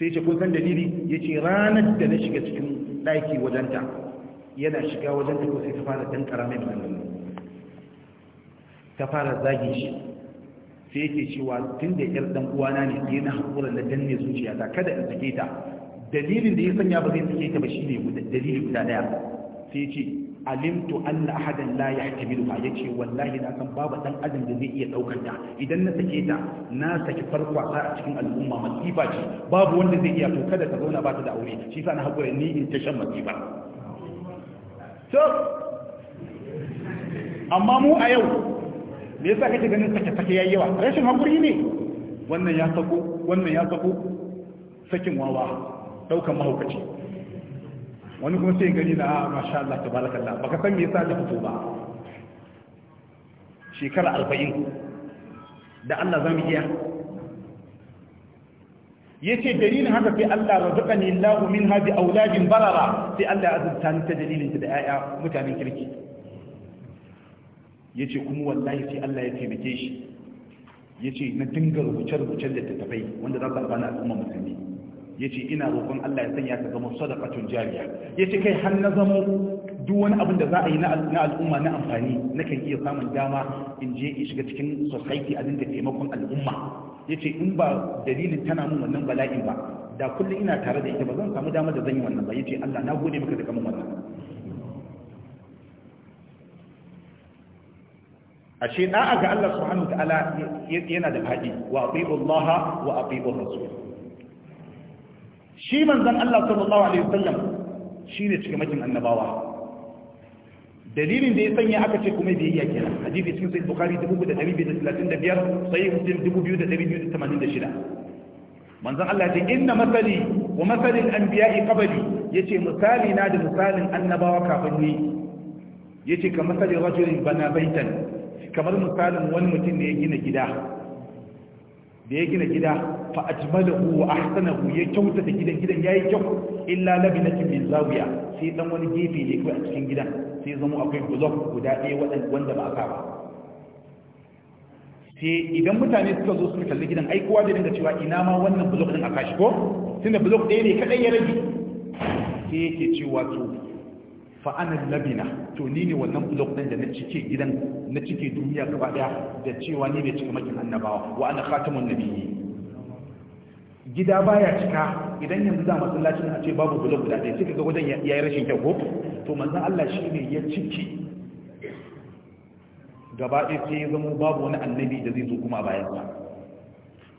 sai ce kun san dalili ya ce ranar da na shiga cikin ɗaki wajenta yana shiga wajenta ko sai ta fara ɗan mai maganganu ta fara zage shi sai ke cewa tun da 'yar dan uwana ne sai na haƙura na danne zuciyata kada in sake ta dalilin da ya sanya ba zai sake ta ba shi ne dalili guda ɗaya sai ce alimtu anna ahadan la yahtamiluha yace wallahi na san babu dan adam da zai iya daukar ta idan na sake ta na saki farko a cikin al'umma masifa ce babu wanda zai iya to kada ka zauna ba ta da aure shi yasa na hakura ni in ta shan masifa to amma mu a yau me yasa kake ganin sake sake yayi yawa rashin hakuri ne wannan ya sako wannan ya sako sakin wawa daukan mahaukaci wani kuma sai gari na ah, masha Allah tabarakallah baka san me yasa da fito ba shekara arba'in da Allah zamu iya yace dalilin haka sai Allah razaqani Allahu min hadi auladin barara sai Allah azurta ni ta dalilin ta da ƴaƴa mutanen kirki yace kuma wallahi sai Allah ya taimake shi yace na dinga rubuce-rubucen da ta tafai wanda za ka bana al'umma musulmi yace ina roƙon Allah ya sanya ka zama sadaqatun jariya yace kai har na zamo duk wani abin da za a yi na al'umma na amfani kan iya samun dama in je in shiga cikin society a dinga taimakon al'umma yace in ba dalilin tana mun wannan bala'in ba da kullum ina tare da ita ba zan samu dama da zan yi wannan ba yace Allah na gode maka da kaman wannan ashe da'a ga Allah subhanahu wa ta'ala yana da fadi wa atiiu Allah wa atiiu Rasul shi manzon Allah sallallahu alaihi wasallam shine makin annabawa dalilin da ya sanya aka ce kuma biyayya kenan hadisi cikin sahih bukhari 2235 sahih muslim 2286 manzon Allah ya ce inna masali wa masalin anbiya'i Ya ce misali na da misalin annabawa kafin ni yace ka masalin rajulin bana baitan kamar misalin wani mutum ne ya gina gida da ya gina gida fa ajmalahu a ahsanahu ya kyauta da gidan gidan yayi kyau illa labinatin min zawiya sai dan wani gefe ne kai a cikin gidan sai zama akwai guzok guda ɗaya wanda ba aka ba sai idan mutane suka zo suka kalli gidan ai kowa zai dinga cewa ina ma wannan guzok din a kashi ko tunda guzok ɗaya ne kadai ya rage sai yake cewa to Fa'anar labina to ni ne wannan blok din da na cike gidan na cike duniya gaba ɗaya da cewa ni ne cika makin annabawa wa ana khatamun nabiyyi gida baya cika idan yanzu za masallacin a ce babu blok guda ɗaya sai ga wajen yi rashin kyau ko to manzan Allah ne ya ciki. gaba ɗaya sai ya zama babu wani annabi da zai zo kuma a sa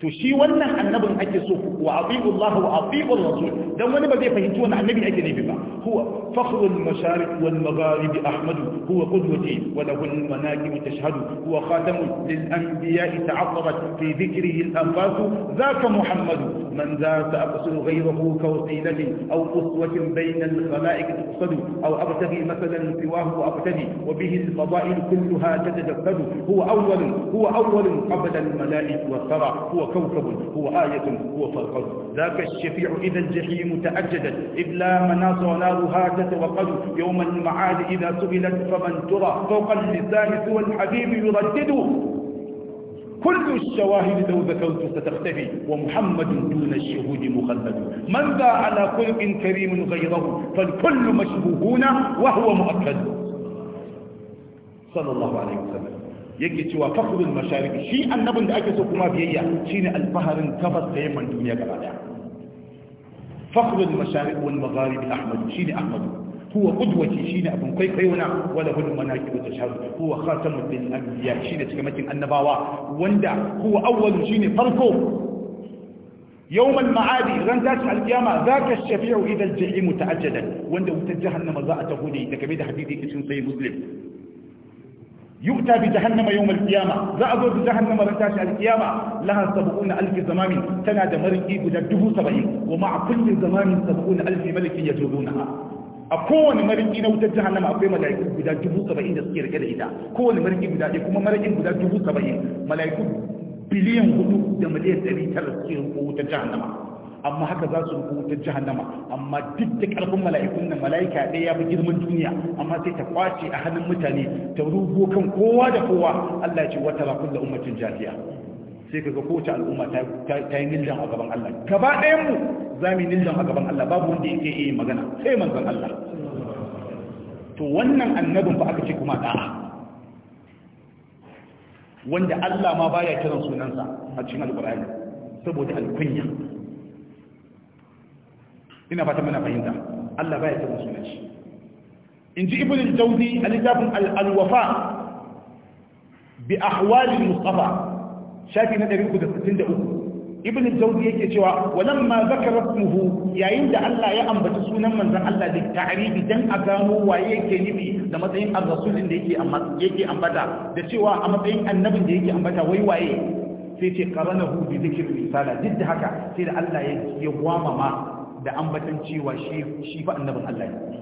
to shi wannan annabin ake so wa atiqu Allah wa atiqu Rasul dan wani ba zai fahimci wannan annabi ake nufi ba huwa fakhru al-masharib wal magharib Ahmad huwa qudwati wa lahu al-manaqib tashhadu huwa khatamu lil anbiya ta'aqqabat fi dhikrihi al-anfas zaka Muhammad من ذا سأقصد غيره كوسيلة أو أسوة بين الخلائق تقصد أو أبتغي مثلا سواه أبتغي وبه الفضائل كلها تتجسد هو أول هو أول قبل الملائك والثرى هو كوكب هو آية هو فرقد ذاك الشفيع إذا الجحيم تأجدت إذ لا مناص نارها تتوقد يوم المعاد إذا سئلت فمن ترى فوق اللسان سوى الحبيب يردد كل الشواهد لو ذكرت ستختفي ومحمد دون الشهود مخلد من ذا على خلق كريم غيره فالكل مشبوهون وهو مؤكد صلى الله عليه وسلم yake cewa fakhurul mashariki shi annabin da ake so kuma biyayya shine alfaharin tabbas da yamman duniya gaba daya fakhurul mashariki wal magharibi ahmad shine ahmadu هو قدوتي شين أبن كي كيونا وله المناكب تشهد هو خاتم للأنبياء شين كما كان النباوة واندع هو أول شين فرقه يوم المعاد إذا على القيامة ذاك الشفيع إذا الجحيم تعجدا واندع وتجهن مضاءة هولي تكبيد حديثي كسين طيب مسلم يؤتى بجهنم يوم القيامة ذأذو بجهنم على القيامة لها سبقون ألف زمان تنادى مريء بجدبو سبعين ومع كل زمان سبقون ألف ملك يجوبونها a kowane mariki na wutar jahannama akwai mala'iku guda dubu saba'in da suke rike da ita kowane mariki guda ɗaya kuma marikin guda dubu saba'in mala'iku biliyan hudu da miliyan ɗari tara suke riko wutar jahannama amma haka za su riko wutar jahannama amma duk da ƙarfin mala'ikun nan mala'ika ɗaya ya fi girman duniya amma sai ta kwace a hannun mutane ta rubo kan kowa da kowa Allah ya ce wata la kullu ummatin jafiya sai kaga kowace al'umma ta yi niljan a gaban Allah gaba ɗayan za mu yi niljan a gaban Allah babu wanda yake iya magana sai manzon Allah to wannan annabin ba aka ce kuma da'a wanda Allah ma baya kiran sunansa a cikin alƙur'ani saboda alkunya ina fata mana fahimta Allah baya kiran sunan in ji ibn al-jawzi a littafin al-wafa bi ahwali mustafa shafi na 363 ibn jawzi yake cewa walamma zakara ismuhu yayin da Allah ya ambaci sunan manzon Allah da ta'ribi dan a gano waye yake nufi da matsayin ar-rasulin da yake amma yake ambata da cewa a matsayin annabin da yake ambata wai waye sai ce qaranahu bi dhikr risala duk da haka sai da Allah ya ya gwamama da ambatan cewa shi shi fa annabin Allah ne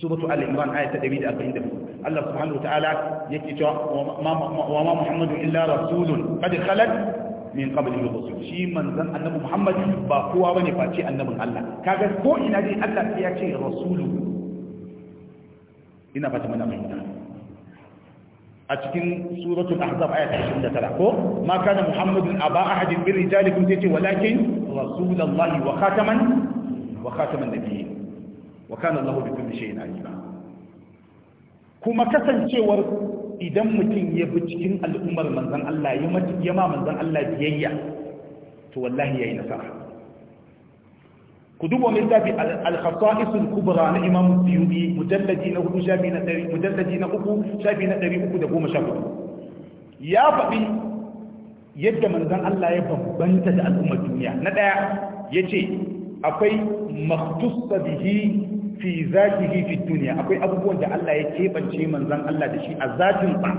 suratu al-imran ayat 144 Allah subhanahu wa ta'ala yake cewa wa ma Muhammadu illa rasulun kada khalat min qabli rusul shi manzan annabi Muhammad ba kowa ba ne face annabin Allah kaga ko ina dai Allah ya ce rasulu ina fata mana fahimta a cikin suratul ahzab ayat 29 ko ma kana muhammadun aba ahadin min rijalikum tace walakin rasulullahi wa khataman wa khataman nabiyyin wa kana allah bi kulli shay'in alima kuma kasancewar idan mutum ya bi cikin al'ummar manzan Allah ya ma manzan Allah biyayya to wallahi ya yi nasara ku dubo mai zafi al-khasa'isul kubra na imam suyubi mujallaji na hudu shafi na ɗari mujallaji na uku shafi na ɗari uku da goma sha hudu ya faɗi yadda manzan Allah ya bambanta da al'ummar duniya na ɗaya ya ce akwai maktusa bihi fi zatihi fi duniya akwai abubuwan da Allah ya kebance manzon Allah da shi a zatin sa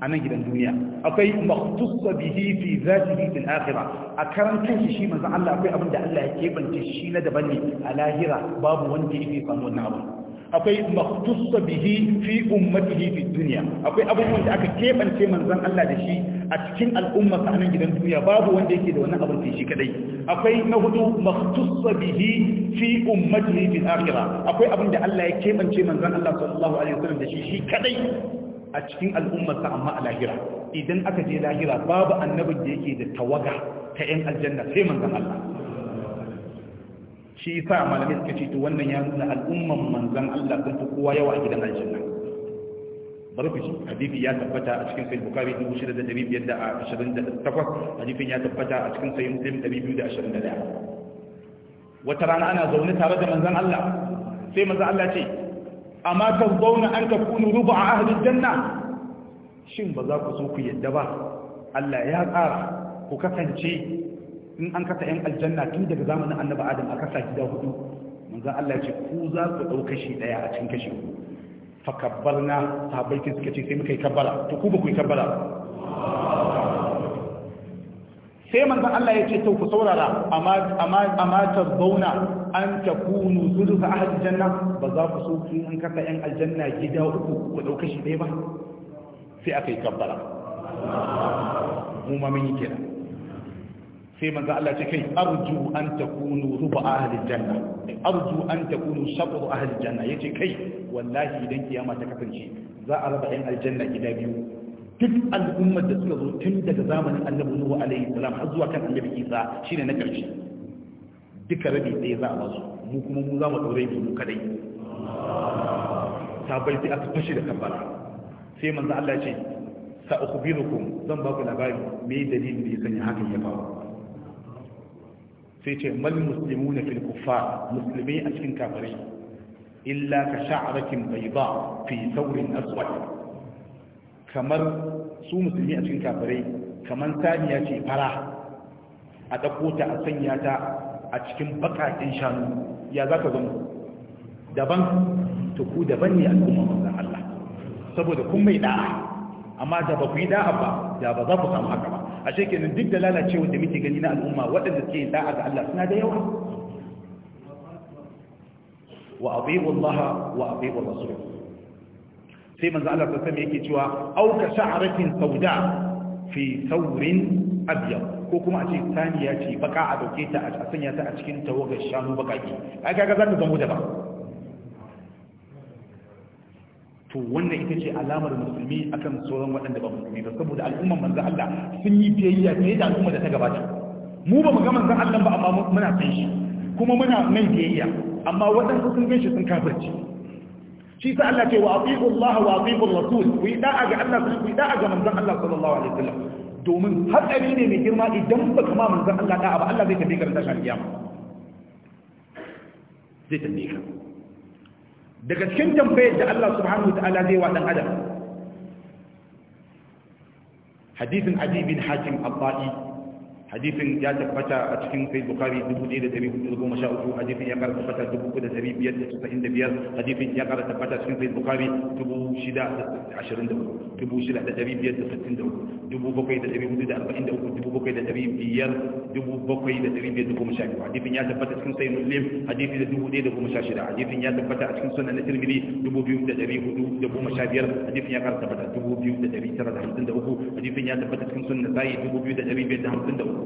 a nan gidan duniya akwai makhtussa bihi fi zatihi fil akhirah a karan kanshi shi manzon Allah akwai abin da Allah ya kebance shi na daban ne a lahira babu wanda yake samu wannan abu akwai makhtussa bihi fi ummatihi fi duniya akwai abubuwan da aka kebance manzon Allah da shi a cikin al'umma sa nan gidan duniya babu wanda yake da wannan abin shi kadai akwai na hudu makhtussa bihi fi ummatihi fil akhirah akwai abin da Allah ya kebance manzon Allah sallallahu alaihi wasallam da shi shi kadai a cikin al'ummar sa amma a lahira idan aka je lahira babu annabin da yake da tawaga ta yan aljanna sai manzon Allah shi sa malamai suka ce to wannan ya nuna al'umman manzon Allah sun fi kowa yawa a gidan aljanna barkuci hadisi ya tabbata a cikin sahih bukhari 6528 hadisin ya tabbata a cikin sahih muslim 2221 wata rana ana zaune tare da manzan Allah sai manzon Allah ce amma kan zauna an ka kunu rubu a ahlul janna shin ba za ku so ku yadda ba Allah ya tsara ku kasance in an kasa yan aljanna tun daga zamanin annabi adam a kasa gida hudu Manzan Allah ce ku za ku ɗau kashi ɗaya a cikin kashi hudu fakabbarna sahabbai sai suka ce sai muka yi kabbara to ku ba ku yi kabbara sai manzon Allah ya ce to ku saurara amma zauna an tarbauna an takunu sulusa ahad janna ba za ku so kin an kasa yan aljanna gida uku ku dauka shi ɗaya ba sai aka yi kabbara mu ma mun yi kenan sai manzo Allah ce kai arju an takunu rubu ahli janna arju an takunu shabru ahli janna yace kai wallahi idan kiyama ta kasance za a raba yan aljanna gida biyu duk al'ummar da suka zo tun daga zamanin annabi nuhu alaihi salam har zuwa kan annabi isa shine na karshe duka rabi ɗaya za a ba mu kuma mu za mu ɗaure mu kadai sabai sai aka fashe da kambara. sai manzo Allah ya ce sa ukhbirukum zan ba ku labari me dalilin da ya sanya hakan ya faru sai ce mal na fil kuffar musulmai a cikin kafare illa ka sha'arakin bayda fi saurin aswad kamar su musulmi a cikin kafare, kamar saniya ce fara a ɗauko ta a sanya ta a cikin bakakin shanu ya za ka zama daban to ku daban ne al'umma manzan Allah saboda kun mai da'a amma da ba ku yi da'a ba da ba za ku samu haka ba a shekarun duk da lalacewa da muke gani na al'umma waɗanda ke yin da'a ga Allah suna da yawa wa abiyu Allah wa Rasul sai manzo Allah ta sami yake cewa auka sha'ratin sauda fi saurin abyad ko kuma a ce saniya ce baka a dauke ta a sanya ta a cikin tawagar shanu bakaki ai kaga za ta zama da ba to wannan ita ce alamar musulmi akan sauran waɗanda ba musulmi ba saboda al'ummar manzo Allah sun yi biyayya fiye da al'ummar da ta gabata mu ba mu ga manzan Allah ba amma muna san shi kuma muna mai biyayya amma waɗansu sun gan shi sun kafirci shi sa Allah ce wa atiqu Allah wa atiqu Rasul ku da'a ga Allah ku da'a ga manzan Allah sallallahu alaihi wasallam domin hatsari ne mai girma idan ba kama manzan Allah da'a ba Allah zai tafi ka da tashin kiyama zai tafi ka daga cikin tambayar da Allah subhanahu wataala zai wa dan adam hadisin abi bin hatim abba'i hadisin ya tabbata a cikin sai bukari 1413 hadisin ya kara tabbata 3595 hadisin ya kara tabbata cikin sai bukari 624 hadisin ya tabbata cikin sai muslim hadisi da 1,016 hadisin ya tabbata a cikin sunan na tirmidhi 2,415 hadisin ya kara tabbata 2,953 hadisin ya tabbata cikin sunan na sayi 2,553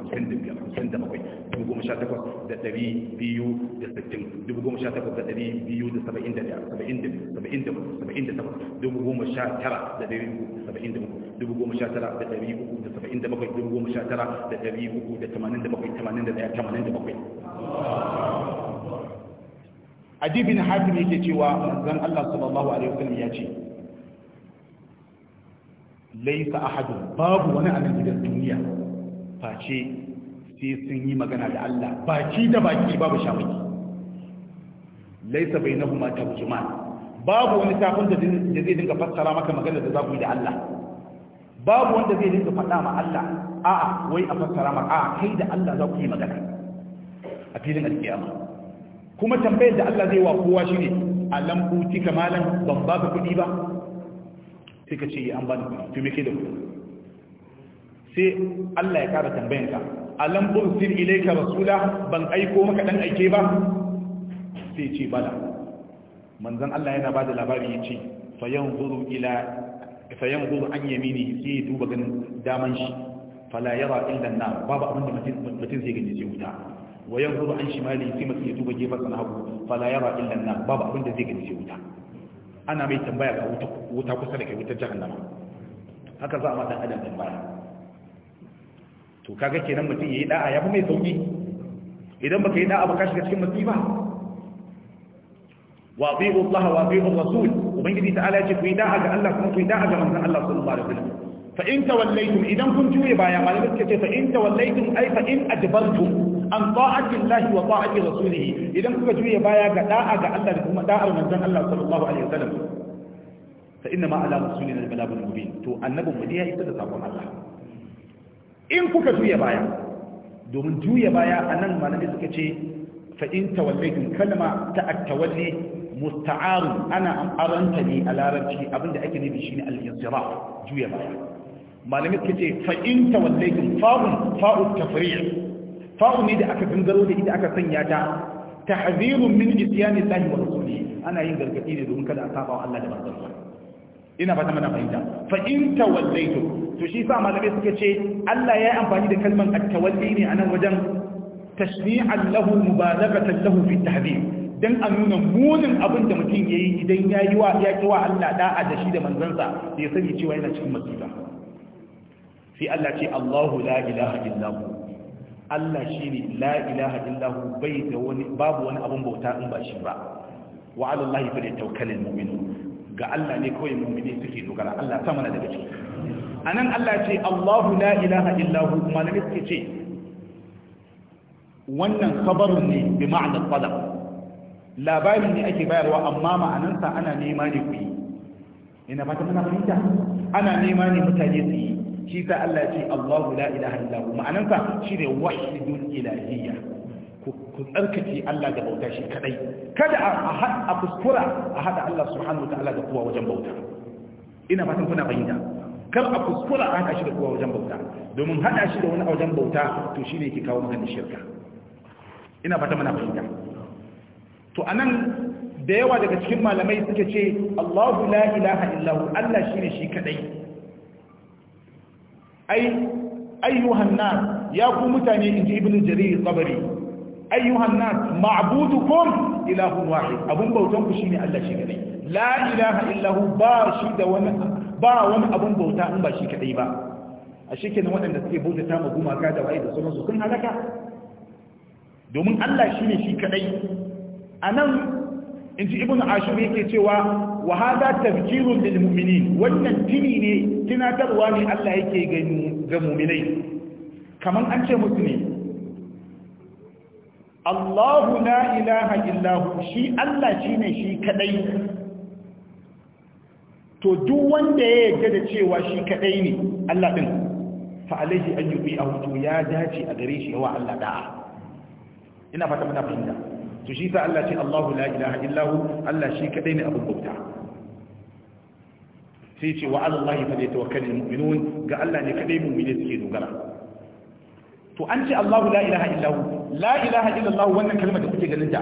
hamsin da biyar da bakwai dubu goma sha takwas da biyu da sittin dubu goma sha takwas da biyu da saba'in da saba'in da saba'in da takwas dubu goma sha tara da da saba'in da dubu goma sha tara da da saba'in da bakwai dubu goma sha tara da da tamanin da bakwai tamanin da tamanin da bakwai yake cewa zan Allah sallallahu alaihi wasallam ya ce laisa ahadu babu wani a gidan duniya face sai sun yi magana da Allah baki da baki babu shamaki laisa bainahuma tarjuman babu wani tafin da zai dinga fassara maka magana da zaku yi da Allah babu wanda zai dinga faɗa ma Allah a'a wai a fassara ma a'a kai da Allah za ku yi magana a filin alkiyama kuma tambayar da Allah zai wa kowa shi ne a lambu cika malam ban baka kuɗi ba sai ka ce eh, an bani kuɗi fi me ke da kuɗi sai Allah ya kara tambayanka alam ursir ilayka rasula ban aiko maka dan aike ba sai ce bala manzon Allah yana bada labari yace fayanzuru ila fa fayanzuru an yamini sai duba ganin daman shi fala yara illa an-nar babu abin da mutum zai gani sai wuta wa wayanzuru an shimali sai mutum ya duba gefen na hagu fala yara illa an-nar babu abin da zai gani sai wuta ana mai tambaya ga wuta kusa da kai wutar jahannama haka za a ma dan adam tambaya to kaga kenan mutum yayi da'a ya fi mai sauki idan baka yi da'a ba ka shiga cikin musiba wa ati'u Allah wa ati'u Rasul ubangiji ta'ala ya ce ku yi da'a ga Allah kuma ku yi da'a ga manzon Allah sallallahu alaihi wasallam fa in tawallaytum idan kun juye baya malamai suke ce fa in tawallaytum ay fa in adbartum an ta'ati Allah wa ta'ati rasulih idan kuka juye baya ga da'a ga Allah da kuma da'ar manzon Allah sallallahu alaihi wasallam fa inna ma ala rasulina al-balagh al-mubin to annabi mu ya isa da sakon Allah in kuka juya baya domin juya baya a nan malamai suka ce fa'in tawallaikin kalma ta attawalle musta'aru ana aranta ne a larabci abinda ake nufi shi ne al'inzira juya baya malamai suka ce fa'in tawallaikin fa'un fa'u tafriya fa'u ne da aka gangaro da ita aka sanya ta tahzirun min isyani lahi wa rasuli ana yin gargadi ne domin kada a saba wa Allah da manzon ina ba ta mana fahimta fa in tawallaitu to shi sa malamai suka ce Allah ya yi amfani da kalman at-tawalli ne anan wajen tashri'an lahu mubalagatan lahu fi tahdhib dan a nuna munin abin da mutum yayi idan yayi wa ya Allah da'a da shi da manzansa ya sani cewa yana cikin masifa sai Allah ce Allahu la ilaha illa hu Allah shine la ilaha illa hu bai da wani babu wani abin bauta in ba shi ba wa ala Allah fa tawakkalul ga Allah ne kawai mu'mini suke dogara Allah ta mana daga ciki A nan Allah ce Allahu la ilaha illahu malamai suke ce wannan kabarin ne bi ma'ana qadar Labarin ne ake bayarwa amma ma'anansa ana nema ne ku yi ina fata muna fahimta ana nema ne mutane su yi shi sa Allah ce Allahu la ilaha illahu ma'anansa shine wahidul ilahiyya ku tsarkace Allah da bauta shi kadai kada a kuskura a hada Allah subhanahu wa ta'ala da kowa wajen bauta ina fatan kuna fahimta kar a kuskura a haka shi da kowa wajen bauta domin haɗa shi da wani a wajen bauta to shi ne yake kawo maka shirka ina fata mana fahimta to anan da yawa daga cikin malamai suka ce Allahu la ilaha illahu Allah shi ne shi kadai ai ayyuhan nas ya ku mutane inji ibnu jarir qabri ayyuhan nas ma'budukum ilahu wahid abun bautan ku ne Allah shi kadai la ilaha illahu ba shi da wani ba wani abun bauta in ba shi kaɗai ba a shekenan waɗanda suke bauta ta gumaka da waye da sauransu sun halaka domin Allah shi ne shi kaɗai. a nan in ji ibn ashur yake cewa wa hada tafkirun lil mu'minin wannan tini ne tunatarwa ne Allah yake ga mu'minai kaman an ce musu ne Allahu la ilaha illa hu shi Allah shine shi kadai to duk wanda ya yarda da cewa shi kadai ne Allah din fa alaihi an yubi auto ya dace a gare shi yawa Allah da'a ina fata muna fahimta to shi sa Allah ce Allahu la ilaha illa hu Allah shi kadai ne abun bauta sai ce wa ala Allah fa yatawakkalul mu'minun ga Allah ne kadai mu'mini suke dogara to an ce Allahu la ilaha illa hu la ilaha illa Allah wannan kalmar da kuke ganin ta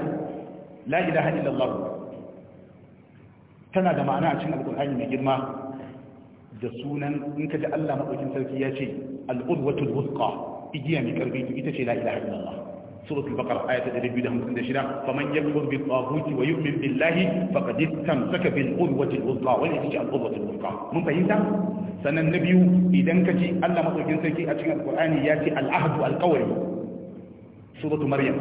la ilaha illa Allah tana da ma'ana a cikin alkur'ani mai girma da sunan in ka ji Allah madaukin sarki ya ce al-udwatul wuthqa igiya mai karfi ita ce la ilaha illallah suratul baqara ayat 256 faman yakfur bil taghuti wa yu'min billahi faqad istamsaka bil udwatil wuthqa wa ita ce al-udwatul wuthqa mun fahimta sannan na biyu idan ka ji Allah madaukin sarki a cikin alkur'ani ya ce al-ahdu al-qawli suratul maryam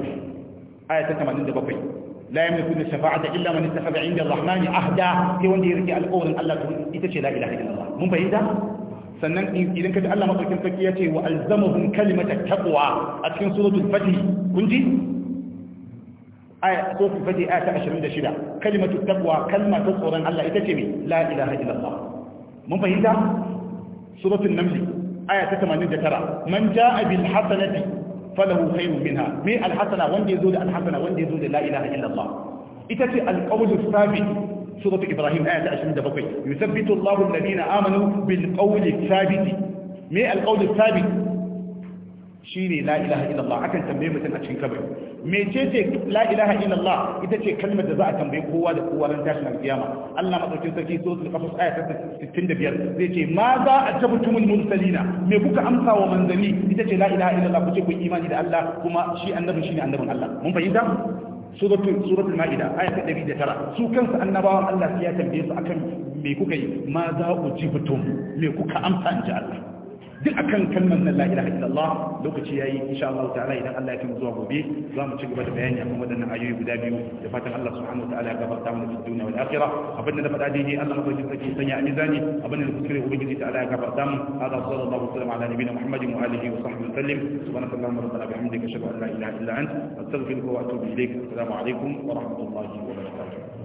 ayat 87 la yamliku shafa'ata illa man ittakhadha 'inda ar-rahmani ahda sai wanda ya rike alƙawarin Allah to ita ce la ilaha illallah mun fahimta sannan idan ka ji Allah madaukakin sarki ya ce wa alzamahum kalimata taqwa a cikin suratul fatih kun ji aya suratul fatih aya ta 26 kalimatu taqwa kalma ta tsoron Allah ita ce me la ilaha illallah mun fahimta suratul aya ta man falahu khayrun minha me alhasana wanda yazo da alhasana wanda yazo da la ilaha illallah ita ce alqawlu sabit suratu ibrahim ayat 27 yuthabbitu allahu alladhina amanu bil qawli thabit me alqawlu thabit Shi ne la'ilaha illallah akan tambaye mutum a cikin kabari mecece ce la'ilaha illallah ita ce kalmar da za a tambaye kowa da kowa ran tashin alkiyama Allah madaukakin sarki so su kafas aya ta 65 zai ce ma za a tabtumul mursalina me kuka amsa wa manzali ita ce la'ilaha illallah ku ce ku imani da Allah kuma shi annabin ne annabin Allah mun fahimta suratul suratul maida aya ta 109 su kansu annabawan Allah sai ya tambaye su akan me kuka yi ma za ku jibtum me kuka amsa in ji Allah duk kan kalmar nan la ilaha illallah lokaci yayi insha Allah ta'ala idan Allah ya kuma zuwa gobe za mu ci gaba da bayani akan waɗannan ayoyi guda biyu da fatan Allah subhanahu wa ta'ala ya gafarta mana cikin duniya wal akhirah abin da na faɗa daidai Allah mabaki sake sanya a mizani abin da na kuskure ubangiji ta'ala ya gafarta mu hada sallallahu alaihi wa sallam ala nabiyina muhammadin wa alihi wa sahbihi sallim subhanaka allahumma rabbana bihamdika ashhadu an la ilaha illa anta astaghfiruka wa atubu ilaik assalamu alaikum wa rahmatullahi wa barakatuh